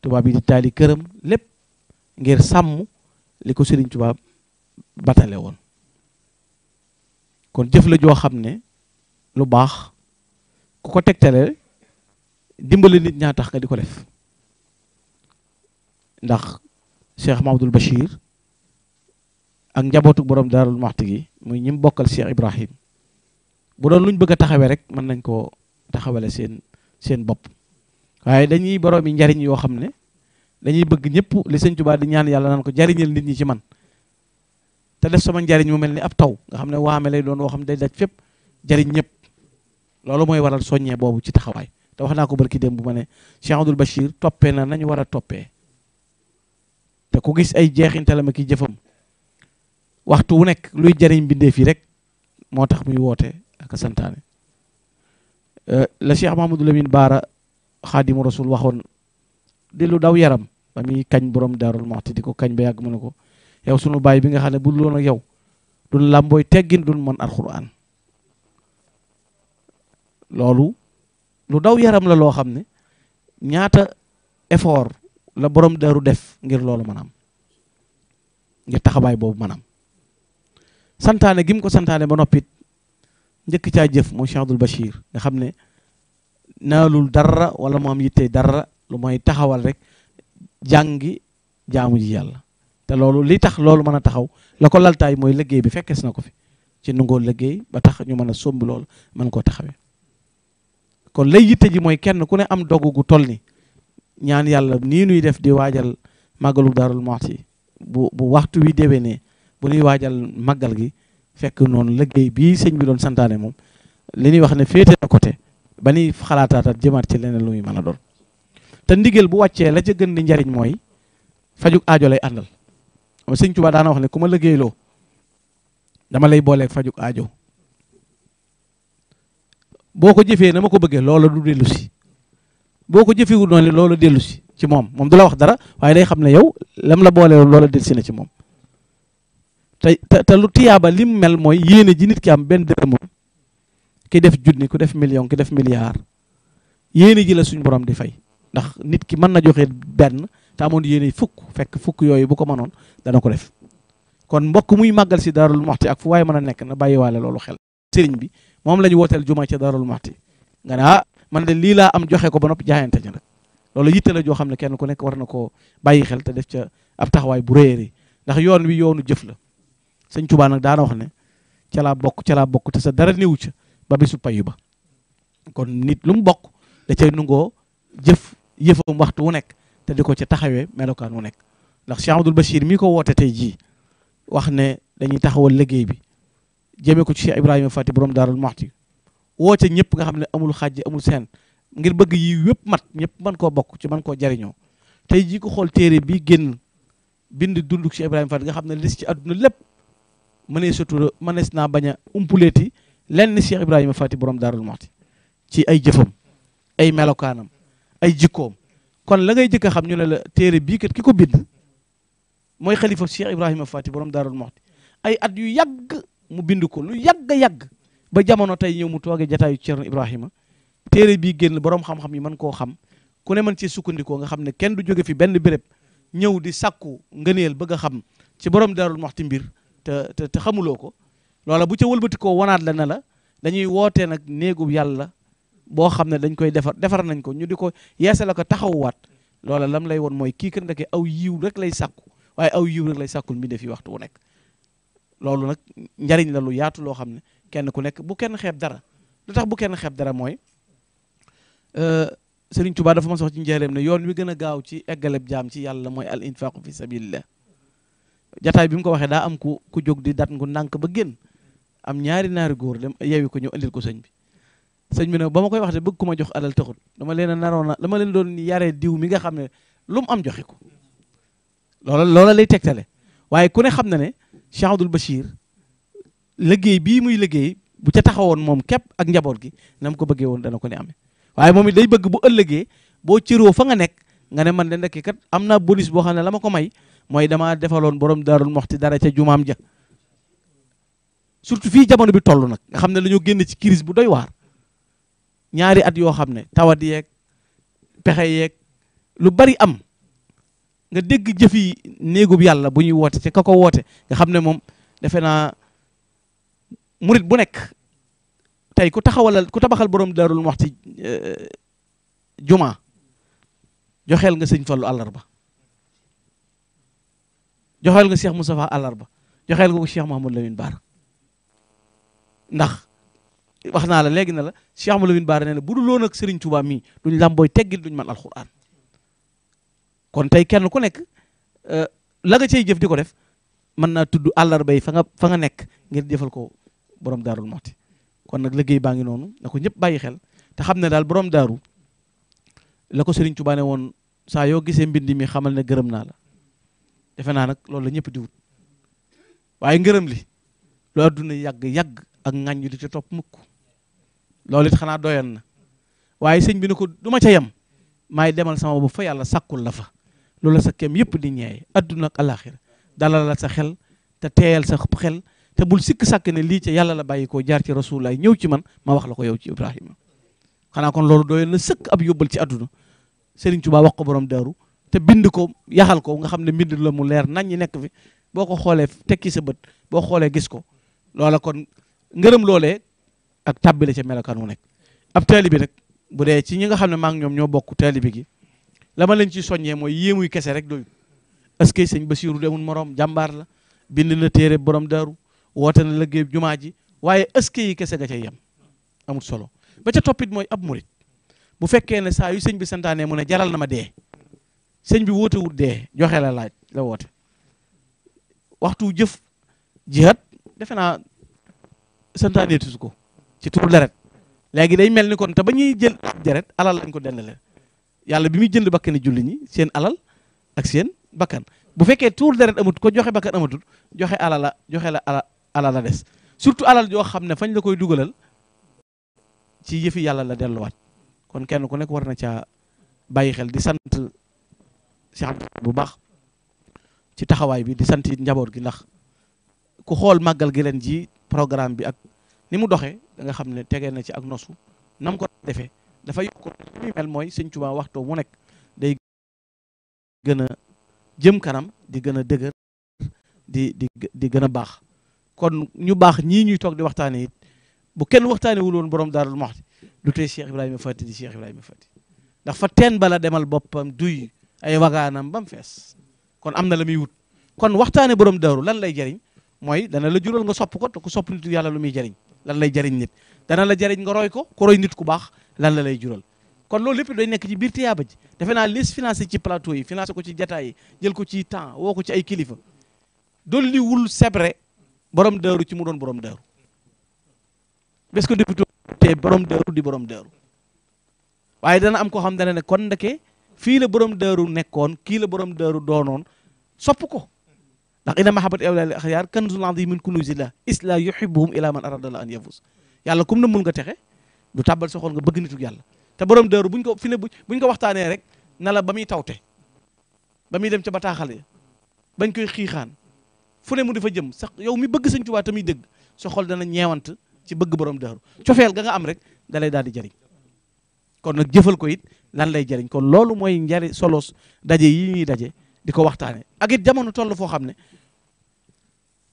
tubaab yi di taali këram lépp ngir sàmm li ko Serigne tubaab batale woon kon jëf la joo xam ne lu baax ku ko tegtale dimbali nit ñaa tax nga di ko def ndax Cheikh Mamadou Bachir ak njabootu borom Daarul Maxti gi muy ñim bokkal Cheikh Ibrahim bu doon luñ bëgg a taxawee rek mën nañ koo taxawale seen seen bopp waaye dañuy borom yi njariñ yoo xam ne dañuy bëgg ñëpp li sëñ Tuubaa di ñaan yàlla naan ko jariñal nit ñi ci man te def sama njariñ mu mel ni ab taw nga xam ne waame lay doon woo xam ne day daj fépp jariñ ñépp loolu mooy waral soññee boobu ci taxawaay te wax naa ko bërki dem bu ma ne Cheikh Abdoul Bachir toppee na nañu war a toppee te gis ay jeexintalam ak i waxtu wu nekk luy jariñ mbindeef yi rek moo tax muy woote ak santaane euh, la Cheikh Baara xaadimu rasul waxoon di lu daw yaram ba muy kañ borom daarul moxti di ko kañ ba yàgg mu ne ko yow sunu baay bi nga xam ne bu loon ak yow duñ làmbooy teggin duñ mën alxuraan loolu lu daw yaram la loo xam ne ñaata effort la borom daaru def ngir loolu maanaam ngir taxawaay boobu maanaam santaane gi ko santaane ba noppit njëkk caa jëf mooy Cheikh Abdoul nga xam ne naalul dara wala mu am yitte dara lu mooy taxawal rek jàngi jaamu ji yàlla te loolu li tax loolu mën a taxaw la ko laltaay mooy liggéey bi fekkes na ko fi ci nungoo liggéey ba tax ñu mën a somb loolu man koo taxawee kon lay yitte ji mooy kenn ku ne am doggu gu toll ni ñaan yàlla nii nuy def di waajal màggalu Daarul Muxti bu bu waxtu wi déwénee bu ñuy waajal màggal gi fekk noonu liggéey bii sëñ bi doon santaane moom li ñuy wax ne féete na ba ni xalaataatat jëmaat ci leneen lu muy mën a doon te ndigal bu wàccee la ca gën di njariñ mooy fajug aajo lay àndal am sëñ Tuubaa daana wax ne ku ma loo dama lay booleeg fajug aajo boo ko jëfee na ma ko bëggee loola du dellu si boo ko jëfewul noonu loola dellu si ci moom moom du la wax dara waaye day xam ne yow lam la boolee loola dellu na ci moom te te lu tiyaaba lim mel mooy yéene ji nit ki am benn dërëmam ki def junni ku def million ki def milliard yéene ji la suñu borom di fay ndax nit ki mën na joxe benn te amoon yéene fukk fekk fukk yooyu bu ko mënoon dana ko def kon mbokk muy màggal si daarul moxti ak fu waaye mën a nekk na bàyyiwaale loolu xel sëriñ bi moom la ñu wooteel juma ca daarul moxti nga ne ah man de lii laa am joxe ko ba noppi jaayante ña nag loolu yitte la joo xam ne kenn ku nekk war na koo bàyyi xel te def ca ab taxawaay bu réeré ndax yoon wi yoonu jëf la sëñ Tuubaa nag daana wax ne ca laa bokk ca laa bokk te sa dara néew ca ba bisu payu ba kon nit lu mu bokk da cay nungoo jëf yëfam waxtu wu nekk te di ko ci taxawee melokaan wu nekk ndax Cheikh Abdoul Bachir mii ko woote tey jii wax ne dañuy taxawal liggéey bi jëmee ko ci Cheikh Ibrahima Fati borom Daarul Moxti woote ñëpp nga xam ne amul xàjj amul seen ngir bëgg yi yëpp mat ñëpp mën koo bokk ci man koo jariñoo tey jii ko xool téere bii génn bind dunduk Cheikh Ibrahima Fati nga xam ne lis ci adduna lépp mënees surtout mënees naa bañ a umpuleeti lenn Cheikh Ibrahima Fati borom lu Muxti ci ay jëfam ay melokaanam ay jikkoom kon la ngay jëkk a xam ñu ne la téere bii kat ki ko bind mooy xalifa Cheikh Ibrahima boroom Fati borom Daarul Muxti ay at yu yàgg mu bind ko lu yàgg a yàgg ba jamono tey ñëw mu toogee jataayu Ceerno Ibrahima téere bii génn boroom xam-xam yi mën koo xam ku ne mën cee sukkandikoo nga xam ne kenn du jóge fi benn béréb ñëw di sàkku ngëneel bëgg a xam ci boroom Daarul Muxti mbir te te xamuloo ko loola bu ca wëlbatikoo koo wanaat la na la dañuy wootee nag néegub yàlla boo xam ne dañ koy defar defar nañ ko ñu di ko yeese la ko taxawuwaat loola lam lay woon mooy kii kat ndeke aw yiw rek lay sàkku waaye aw yiw rek lay sàkkul mbi def waxtu wu nekk loolu nag njariñ la lu yaatu loo xam ne kenn ku nekk bu kenn xeeb dara lu tax bu kenn xeeb dara mooy euh, Sëriñ Tuubaa dafa ma sox ci njëreem ne yoon wi gën a gaaw ci eggaleb jaam ci yàlla mooy al infaqu fi sabilillah jataay bi mu ko waxee daa am ku ku jóg di dat ngu ndànk ba génn am ñaari naari góor dem yewi ko ñëw andil ko sëñ bi sëñ bi nag ba ma koy wax de bëgg ku ma jox alal taxul dama leen a na dama leen doon yare diw mi nga xam ne lu am joxe ko loola loola lay tegtale waaye ku ne xam na ne Cheikh Abdoul Bachir liggéey bii muy liggéey bu ca taxawoon moom képp ak njaboot gi na ko bëggee woon dana ko ne amee waaye moom it day bëgg bu ëllëgee boo cëroo fa nga nekk nga ne man de ndekki kat am naa bonus boo xam ne la ma ko may mooy dama defaloon borom daarul moxti dara ca jumaam ja surtout fii jamono bi toll nag nga xam ne dañoo génn ci crise bu doy waar ñaari at yoo xam ne tawat yeeg pexe yeeg lu bari am nga dégg jëf yi néegub yàlla bu ñuy woote ci ka ko woote nga xam ne moom defe naa murit bu nekk tey ku taxawalal ku tabaxal borom daarul muxti euh, juma joxeel nga sëñ Fallu àllarba joxeel nga mu Cheikh Moustapha àllarba joxeel nga ko Cheikh Mahamadou Lamine Bara ndax wax naa la léegi na la Cheikh Amadou Lamine Bara nee na bu dul loon ak Serigne Touba mii duñ làmbooy teggil duñ man alxuraan kon tey kenn ku nekk euh, la nga cay jëf ko def mën naa tudd àllarbay fa nga fa nga nekk ngir jëfal ko borom daarul moxti kon nag liggéey baa ngi noonu na ñëpp bàyyi xel te xam ne daal borom daaru la ko Serigne Touba ne woon saa yoo gisee mbind mi xamal ne gërëm naa la defe naa nag loolu la ñëpp di waaye ngërëm li lu adduna yàgg yàgg. ak ŋàññi du ci topp mukk loolu it xanaa doyoon na waaye sëñ bi na ko du ma ca yem maay demal sama bu fa yàlla sàkkul la fa loola sa kem yëpp di ñeey adduna ak alaxira dalal la sa xel te teeyal sa xel te bul sikk sàkk ne lii ca yàlla la bàyyi koo jaar ci rasulullaay ñëw ci man ma wax la ko yow ci Ibrahima xanaa kon loolu doyoon na sëkk ab yóbbal ci adduna Sëriñ Tuubaa wax ko boroom daaru te bind ko yaxal ko nga xam ne mbind la mu leer nañ ñi nekk fi boo ko xoolee tekki sa bët boo xoolee gis ko ngërëm loolee ak tàbbi ca melokaan wu nekk ab taalibi nag bu dee ci ñi nga xam ne maa ñoom ñoo bokk taalibi gi la ma leen ci soññee mooy yéemuy kese rek doyul est ce que sëñ Basiiru demul moroom jàmbaar la bind na téere borom daaru woote na liggéey jumaa ji waaye est ce que yi kese ga ca yem amul solo ba ca toppit mooy ab murit bu fekkee ne saa yu sëñ bi santaane mu ne jaral na ma dee sëñ bi woote wut dee joxe la laaj la woote waxtu jëf jihaat defe santaaneetu ko ci tur deret léegi day mel ni kon te ba ñuy jël deret alal lañ ko dendalee yàlla bi muy jënd bakkani julli ñi seen alal ak seen bakkan bu fekkee tuur deret amut ko joxe bakkan amatul joxe alala joxe la ala ala la des surtout alal joo xam ne fañ la koy dugalal ci yëfi yàlla la delluwaat kon kenn ku nekk war na caa bàyyi xel di sant Cheikh bu baax ci taxawaay bi di sant njaboot gi ndax ku xool màggal gi leen ji programme bi ak ni mu doxee da nga xam ne tegee na ci ak nosu nam ko defee dafa yokk li muy mel mooy Sëñ Tuubaa waxtoo mu nekk day gën a jëm kanam di gën a dëgër di di di gën a baax kon ñu baax ñii ñuy toog di waxtaane it bu kenn waxtaane wul woon borom Daaru Muxti du tey Cheikh Ibrahima Fati di Cheikh Ibrahima Fati ndax fa teen bala demal boppam duy ay wagaanam ba mu fees kon am na la muy wut kon waxtaane borom daaru lan lay jariñ mooy dana la jural nga sopp ko te ku sopp nitu yàlla lu muy jariñ lan lay jariñ nit dana la jariñ nga roy ko ku roy nit ku baax lan la lay jural kon loolu lépp day nekk ci biir tiyaaba ji defe naa lis financé ci plateau yi financé ko ci jataay jël ko ci temps woo ko ci ay kilifa dolli wul sebre borom daaru ci mu doon borom daaru bés ko député te borom daaru di borom daaru waaye dana am koo xam dana ne kon ndeke fii la borom daaru nekkoon kii la borom daaru doonoon sopp ko ndax inna mahabbata awliyaa al-axyaar kanzun aziim min kunuuzillah isla yuhibbuhum ila man arada la an yafuz yàlla kum na mën nga texe du tàbbal sa xol nga bëgg nitu yàlla te borom daaru buñ ko fi ne buñ ko waxtaanee rek na la ba muy tawte ba muy dem ca bataaxal ya bañ koy xiixaan fu ne mu dafa jëm sax yow mi bëgg sëñ Tuubaa tamit dëgg sa xol dana ñeewant ci bëgg borom daaru cofeel ga nga am rek da daal di jëriñ kon nag jëfal ko it lan lay jëriñ loolu mooy njari solos daje yi ñuy daje di ko waxtaane ak it jamono toll foo xam ne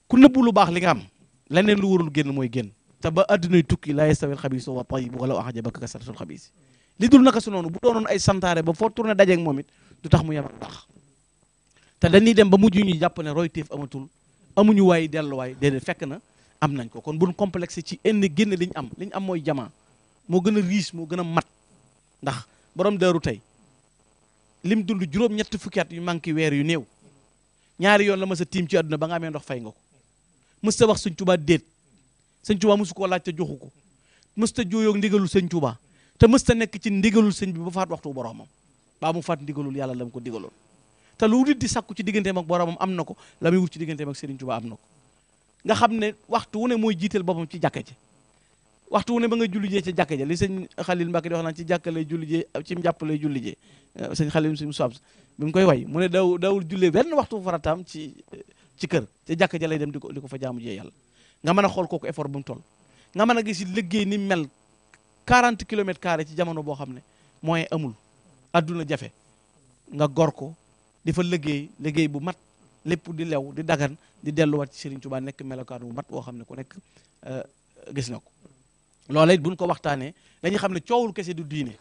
ku nëbbu lu baax li nga am leneen lu warul génn mooy génn te ba addunay tukki laa yastawil xabiisu a tayyib walaw axjabaka kasratul xabiis li dul naka su noonu bu doonoon ay santaare ba foo tourné dajeeg moom it du tax mu yem ak te dañuy dem ba mujj ñu jàpp ne roy téef amatul amuñu waay delluwaay déedéet fekk na am nañ ko kon buñ complexe ci indi génn liñ am liñ am mooy jamaa moo gën a riche moo gën a mat ndax borom daaru tey lim dund juróom ñetti fukki at yu manqué weer yu néew ñaari yoon la ma sa tiim ci àdduna ba nga amee ndox fay nga ko mës ta wax sëñ Tuubaa déet sëñ Tuubaa mësu koo laaj te joxu ko mës ta jooyoog ndigalul sëñ Tuubaa te mës ta nekk ci ndigalul sëñ bi ba faat waxtu boromam baa mu faat ndigalul yàlla la ko digaloon te lu nit di sakku ci digganteem ak boromam am na ko la muy wut ci digganteem ak Sëriñ Tuubaa am na ko nga xam ne waxtu wu ne mooy jiital boppam ci jàkka ji waxtu wu ne ba nga julli jee ci jàkk ja li sëñ Xalil Mbàkke di wax naan ci jàkka lay julli jee ci njàpp lay julli jee sëñ Xalil suñu sob bi mu koy way mu ne daaw daawul jullee benn waxtu farataam ci ci kër ci jàkk ja lay dem di ko di ko fa jaamu jee yàlla nga mën a xool kooku effort bu mu toll nga mën a gis liggéey ni mel 40 kilomètres carrés ci jamono boo xam ne mooy amul adduna jafe nga gor ko di fa liggéey liggéey bu mat lépp di lew di dagan di delluwaat ci Serigne Touba nekk melokaan bu mat woo xam ne ku nekk euh, gis na ko loola it buñ ko waxtaanee dañuy xam ne coowul kese du diine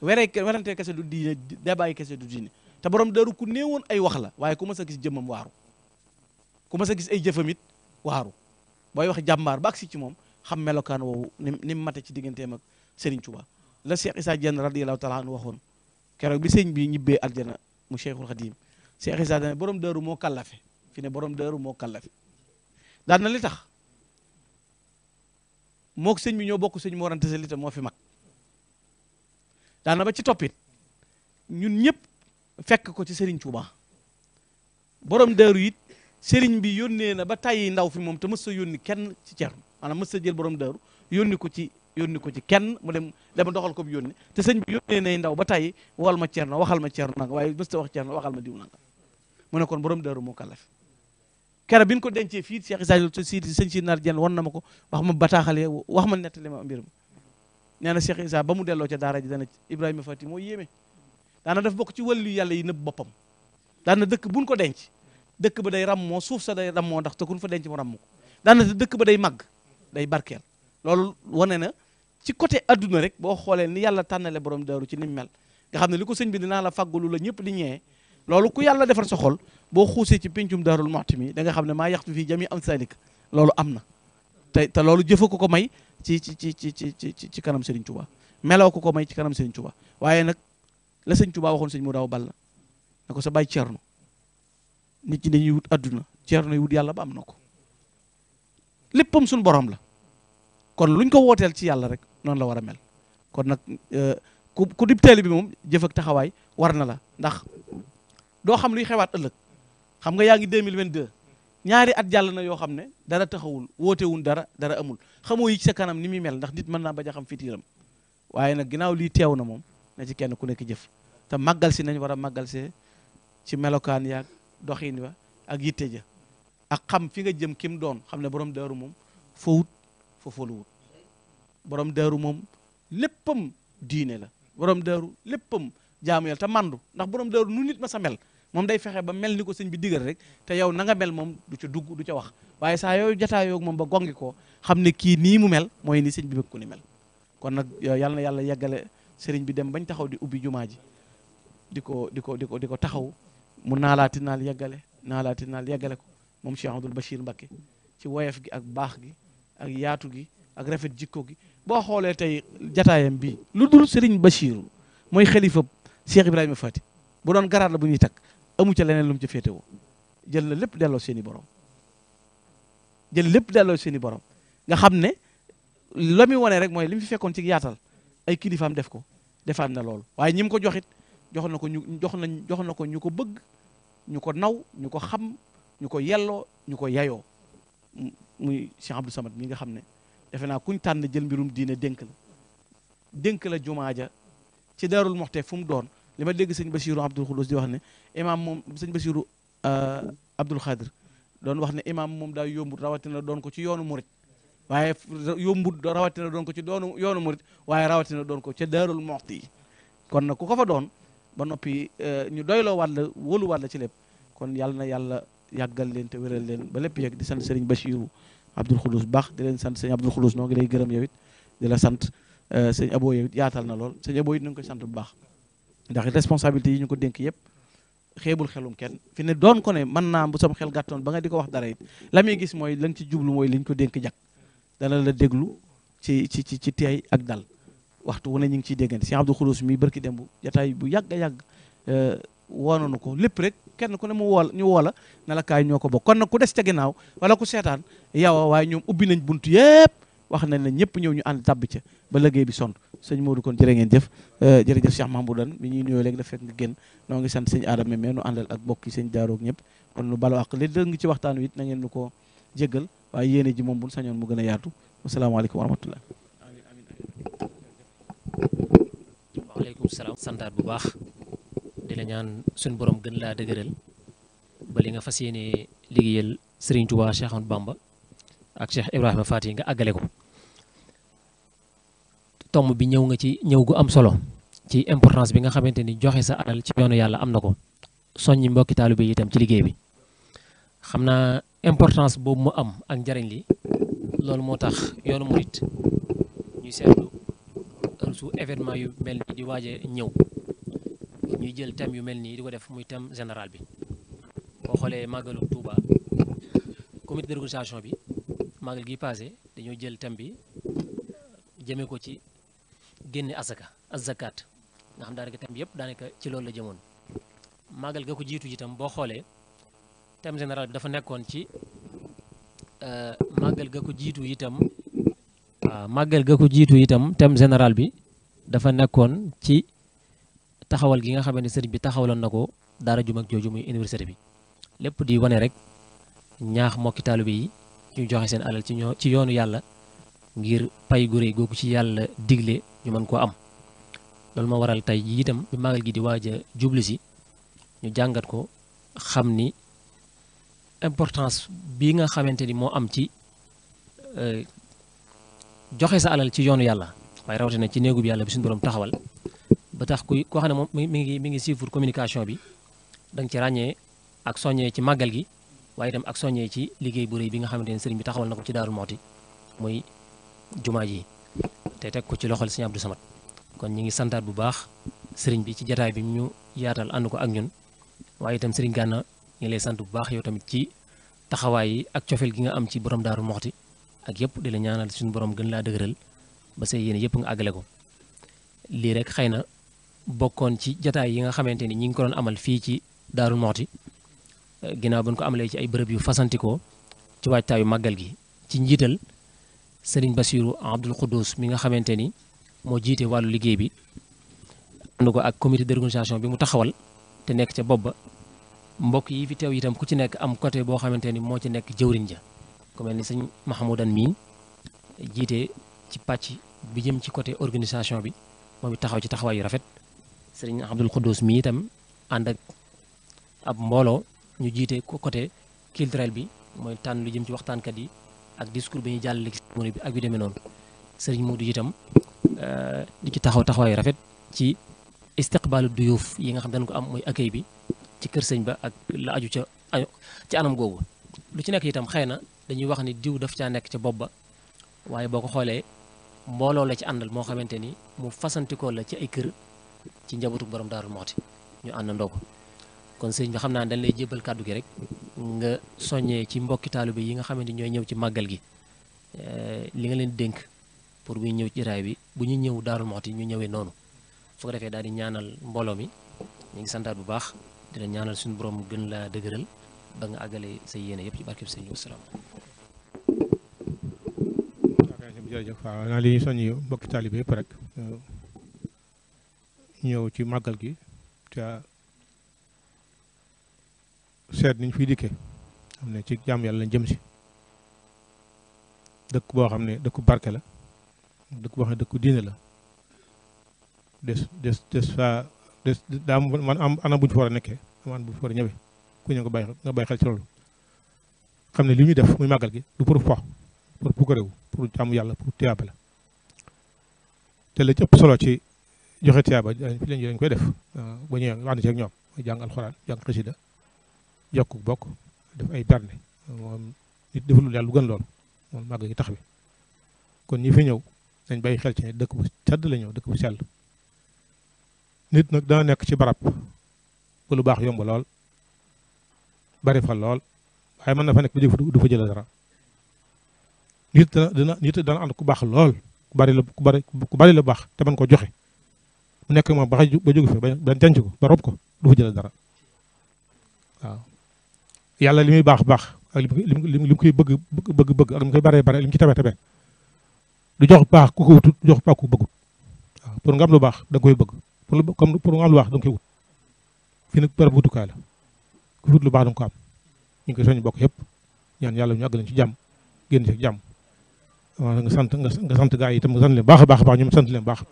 weree werantee kese du diine débat kese du diine te borom daru ku néewoon ay wax la waaye ku mas a gis jëmmam waaru ku mas a gis ay jëfam waaru booy wax jàmbaar ba agsi ci moom xam melokaan woowu ni ni mate ci diggantee mag Serigne Touba la Cheikh Issa Diène radiyallahu taala anhu waxoon keroog bi sëñ bi ñibbee aljana mu Cheikhul Khadim Cheikh Issa Diène borom daru moo kallafe fi ne borom daru moo kallafe tax mook sëñ bi ñoo bokk sëñ Mor Anta Sali te moo fi mag daana ba ci toppit ñun ñëpp fekk ko ci Serigne Touba borom daaru yit Serigne bi yónnee na ba tàyyi ndaw fi moom te mës sa kenn ci Ceerno maanaam mës sa jël borom daaru yónni ko ci yónni ko ci kenn mu dem dama doxal ko bi yónni te sëñ bi yónnee nay ndaw ba tàyyi wal ma Ceerno waxal ma Ceerno na waaye mës ta wax Ceerno waxal ma diw nanga mu ne kon borom daaru moo kàllaf kera bi ko dencee fii Cheikh Issa Diop si sëñ si naar jenn wan na ko wax ma bataaxale wax ma nettali ma mbir nee na Cheikh Issa ba mu loo ca daara ji dana Ibrahima Fati moo yéeme daana daf bokk ci wàllu yàlla yi nëbb boppam daana dëkk buñ ko denc dëkk ba day moo suuf sa day ram moo dax kun fa denc mu ramm ko daana dëkk ba day màgg day barkeel loolu wane na ci côté adduna rek boo xoolee ni yàlla tànnale borom daaru ci ni mu mel nga xam ne li ko sëñ bi dinaa la fàggulu la ñëpp di ñëwee loolu ku yàlla defar sa xol boo xuusee ci pencum daarul maxti mi da nga xam ne ma yaxtu fii jami am salik loolu am na te te loolu jëfa ko ko may ci ci ci ci ci ci kanam Serigne Touba meloo ko ko may ci kanam Serigne Touba waaye nag la Serigne Touba waxoon sëñ mu daaw balla na ko sa bàyyi ceerno nit ñi dañuy wut àdduna ceerno yi wut yàlla ba am na ko léppam suñu borom la kon luñ ko wooteel ci yàlla rek noonu la war a mel kon nag euh, ku ku dib teeli bi moom jëf ak taxawaay war na la ndax doo xam luy xewaat ëllëg xam nga yaa ngi 2022 ñaari at jàll na yoo xam ne dara taxawul wootewul dara dara amul xamoo yi sa kanam ni muy mel ndax nit mën naa bañ a xam fitiiram waaye nag ginnaaw lii teew na moom na ci kenn ku nekk jëf te màggal si nañ war a màggal ci melokaan yaag doxin wa ak yitte ja ak xam fi nga jëm kim doon xam ne borom daaru moom fowut fofaluwut borom daaru moom léppam diine la borom daaru léppam jaamu yàlla te mandu ndax borom daaru nu nit ma sa mel moom day fexe ba mel ni ko sëñ bi diggal rek te yow na nga mel moom du ca dugg du ca wax waaye saa yooyu jataayoo moom ba gongi ko xam ne kii nii mu mel mooy ni sëñ bi bëgg ko ni mel kon nag yàlla na yàlla yeggale sëriñ bi dem bañ taxaw di ubbi jumaa ji di ko di ko di ko di ko taxaw mu naalaati naal yeggale naalaati naal yeggale ko moom Cheikh Abdoul Bachir Mbacké ci woyof gi ak baax gi ak yaatu gi ak rafet jikko gi boo xoolee tey jataayam bi lu dul Serigne Bachir mooy xalifa Cheikh Ibrahima Fati bu doon garaat la bu ñuy takk amu ca leneen lu mu ca jël na lépp delloo seen i borom jël lépp delloo seen i borom nga xam ne la muy wane rek mooy li mu fekkoon ci yaatal ay kilifaam def ko defaat na lool waaye ñi ko joxit jox na ko ñu jox nañ jox na ko ñu ko bëgg ñu ko naw ñu ko xam ñu ko yelloo ñu ko yayoo muy Cheikh Abdou samat mi nga xam ne defe naa kuñ tànn jël mbirum diine dénk la dénk la jumaa ja ci Daarul Muxti fu mu doon li ma dégg sëñ Basiru Abdul Xulus di wax ne imaam moom sëñ Basiru euh, Abdul Xaadir doon wax ne imaam moom daa yombut rawatina doon ko ci yoonu murit waaye yombut rawatina doon ko ci doonu yoonu murit waaye rawatina doon ko ca Daarul Muxti yi kon na ku ko fa doon ba noppi euh, ñu doyloo waat la wóolu waat la ci lépp kon yàlla na yàlla yàggal leen te wéral leen ba lépp yegg di sant sëriñ Basiru Abdul Xulus baax di leen sant sëñ Abdul Xulus noo ngi gërëm yow it di sant euh, sëñ Abo yow it yaatal na lool sëñ Abo it ñu ngi koy sant bu baax ndax responsabilité yi ñu ko dénk yëpp xeebul xelum kenn fi ne doon ko ne man naa bu sam xel gàttoon ba nga di ko wax dara it la muy gis mooy lañ ci jublu mooy liñ ko dénk jag dana la déglu ci ci ci ci teey ak dal waxtu wu ne ñu ngi ciy déggante si Abdou Khoulous mi barki dem bu jataay bu yàgg a yàgg euh, woonanu ko lépp rek kenn ku ne mu woola ñu woola na la kaay ñoo ko bokk kon nag ku des ca ginnaaw wala ku seetaan yow waaye ñoom ubbi nañ bunt yëpp wax na ne ñëpp ñëw ñu ànd tàbb ca ba liggéey bi son sëñ Modou kon jërë ngeen jëf euh, jërëjëf Cheikh Mahmoudane bi ñuy nuyoo léegi dafa fekk nga génn noo ngi sant sëñ Adama mais nu àndal ak bokki sëñ Daaroog ñëpp kon nu bala wax li dëng ci waxtaan wit it na ngeen nu ko jéggal waaye yéene ji moom buñ sañoon mu gën a yaatu wasalaamaaleykum wa rahmatullah waaleykum salaam santaat bu baax di ñaan suñu borom gën laa dëgëral ba li nga fas yéene liggéeyal Serigne Touba Cheikh Ahmadou Bamba ak Cheikh Ibrahima Faty nga àggale ko tomb bi ñëw nga ci ñëw gu am solo ci importance bi nga xamante ni joxe sa alal ci yoonu yàlla am na ko soññi mbokki taalibe yi itam ci liggéey bi xam naa importance boobu mu am ak njariñ li loolu moo tax yoonu murit ñuy seetlu su événement yu mel nii di waaje ñëw ñuy jël tem yu mel nii di ko def muy thème général bi boo xoolee màggalu Touba comité d'organisation bi màggal gi passé dañoo jël bi jëmee ko ci génne asaka azakat nga xam yëpp daanaka ci loolu la màggal ga ko jiitu itam boo xoolee thème général bi dafa nekkoon ci euh, màggal ga ko jiitu itam waaw màggal ga ko jiitu itam thème général bi dafa nekkoon ci taxawal gi nga xam ne sëriñ bi taxawaloon na ko daara ju mag jooju muy université bi lépp di wane rek ñaax mbokki taalibe yi ñu joxe seen alal ci ñoo ci yoonu yàlla ngir pay gu réy googu ci yàlla digle ñu mën koo am loolu ma waral tey jii itam bi màggal gi di waaj a jublu ñu jàngat ko xam ni importance bi nga xamante ni moo am ci euh, joxe sa alal ci yoonu yàlla waaye rawatina ci néegu bi yàlla bi suñu borom taxawal ba tax kuy koo xam ne moom mi ngi mi ngi suivre communication bi da ci ràññee ak soññee ci màggal gi waaye itam ak soññee ci liggéey bu rëy bi nga xamante ne sëriñ bi taxawal na ko ci Daaru Muxti muy jumaa ji te teg ko ci loxol sëriñ Abdou Samad kon ñu ngi santaat bu baax sëriñ bi ci jataay bi ñu yaatal ànd ko ak ñun waaye tam sëriñ Gana ñu lay sant bu baax yow tamit ci taxawaay yi ak cofeel gi nga am ci borom Daaru Muxti ak yëpp di la ñaanal suñu borom gën laa dëgëral ba say yéene yëpp nga àggale ko lii rek xëy na bokkoon ci jataay yi nga xamante ni ñi ngi ko doon amal fii ci Daaru Muxti ginnaaw bu ñu ko amalee ci ay bërëb yu fasantikoo ci waajtaayu màggal gi ci njiital sëriñ Bassirou Abdoul Khoudous mi nga xamante ni moo jiite wàllu liggéey bi ànd ko ak comité d'organisation bi mu taxawal te nekk ca bopp ba mbokk yi fi teew tam ku ci nekk am côté boo xamante ni moo ci nekk jëwriñ ja ku mel ni sëñ Mahamoudan mii jiite ci pàcc bi jëm ci côté organisation bi moom it taxaw ci yu rafet sëriñ Abdoul Khoudous mii itam ànd ak ab mbooloo ñu jiite côté culturel bi mooy tànn lu jëm ci waxtaankat yi ak discours bi ñu jàllale ci bi ak yu demee noonu sëriñ Modou itam euh, di ci taxaw taxawaayu rafet ci istiqbaalu duyuuf yi nga xam dañ ko am mooy accueil bi ci kër sëñ ba ak la aju ca ci anam googu lu ci nekk itam xëy na dañuy wax ni diw daf caa nekk ca bopp ba waaye boo ko xoolee mbooloo la ci àndal moo xamante ni mu fasantikoo la ci ay kër ci njabootu borom daarul moxti ñu àndandoo ko kon sëñ bi xam naa dañ lay jébbal kàddu gi rek nga soññee ci mbokki taalibe yi nga xamante ñooy ñëw ci màggal gi eh, li nga leen dénk pour bu ñëw ci raay bi bu ñu ñëw Daaru Muxti ñu ñëwee noonu su ko daal di ñaanal mbooloo mi ñu ngi santaat bu baax dina ñaanal suñu borom gën laa dëgëral ba nga àggale yëpp ci barkeb sëñ bi wasalaam. jërëjëf yëpp rek eh, màggal gi te seet niñ fiy dikke xam ne ci jàmm yàlla lañ jëm si dëkk boo xam ne dëkku barke la dëkk boo xam ne dëkku diine la des des des fa des daa man am anam bu ñu fa a nekkee am anam bu ñu a ñëwee ku ñu nga bàyyi nga bàyyi xel ci loolu xam ne li ñuy def muy màggal gi du pour pour pour pour jàmm yàlla pour tiyaaba la te la ci ëpp solo ci joxe tiyaaba fi leen koy def ba ñëwee ànd ci ak ñoom jàng alxuraan jàng xasida yokku bokk def ay berne moom nit defalul yàlla lu lool moom màgg gi tax bi kon ñi fi ñëw dañ bàyyi xel ci dëkk bu sedd la ñëw dëkk bu sell nit nag dana nekk ci barab bu lu baax yomb lool bari fa lool waaye man na fa nekk bu jóg du fa jëla dara nit dana nit dana ànd ku baax lool ku bari la ku bari ku bari la baax te mën ko joxe mu nekk moom ba jóg fi ba denc ko ba rob ko du fa jëla dara yàlla li muy baax baax ak li mu li mu koy bëgg bëgg bëgg ak li bare li mu ci tabe tabe du jox baax ku jox baax ku bëggut waaw pour nga am lu baax da koy bëgg pour lu comme pour nga am lu baax da nga koy wut fii nag barab wutukaay la ku wut lu baax da ko am ñu ngi koy soññ bokk yëpp ñaan yàlla ñu àgg leen ci jàmm génn ci jàmm waaw nga sant nga sant gaa yi itam nga sant leen baax a baax a baax ñoom sant leen baax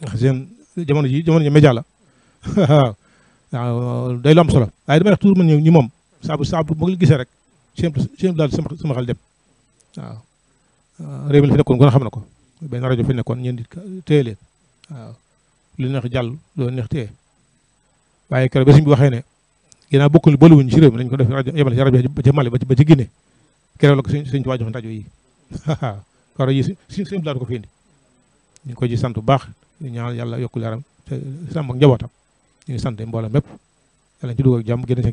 ndax seen jamono ji jamono ji média la <laughs> day lu am solo waaye damay wax toujours man ñi moom saabu saabu moo ngi gisee rek simple simple daal sama sama xel dem waaw. Ah, réew mi la fi nekkoon a xam na ko benn rajo fi nekkoon ñeenti téye leen waaw lu neex jàll loolu neex téye waaye keroog ba suñ bi waxee ne ginnaaw bokkul bëriwuñ ci nañ ko def rajo yemale ci rajo ba ci Mali ba ci Guinée keroog la ko suñ suñ ci waa rajo yi waaw <laughs> rajo yi suñ daal ko fi indi ñu ngi ko ci sant bu baax ñu ñaan yàlla yokk leeram te sàmm ñu ngi sant mboolem mépp yàlla ñu ci dugg ak jàmm génn ci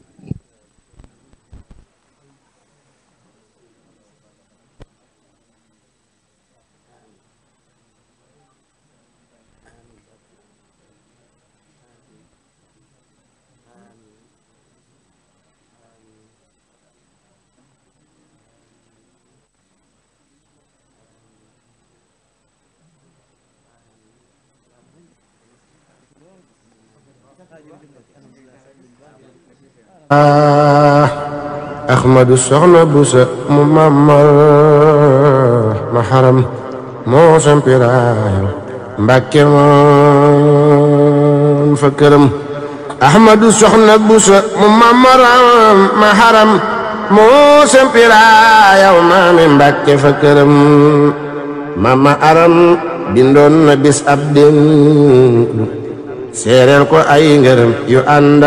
ahmadu soxna busa mu mamar ma xaram moo sampiraayam mbàkke moom fa ahmadu soxna busa mu mamaram ma xaram moo sampiraayam maami mbàkke fa këram aram bindoon na bis ab din ko ay ngërëm yu ànd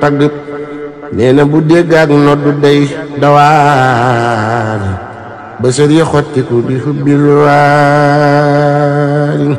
tagg nee bu dégg ak noddu day dawaari ba sër yi xottiku di xubbil waari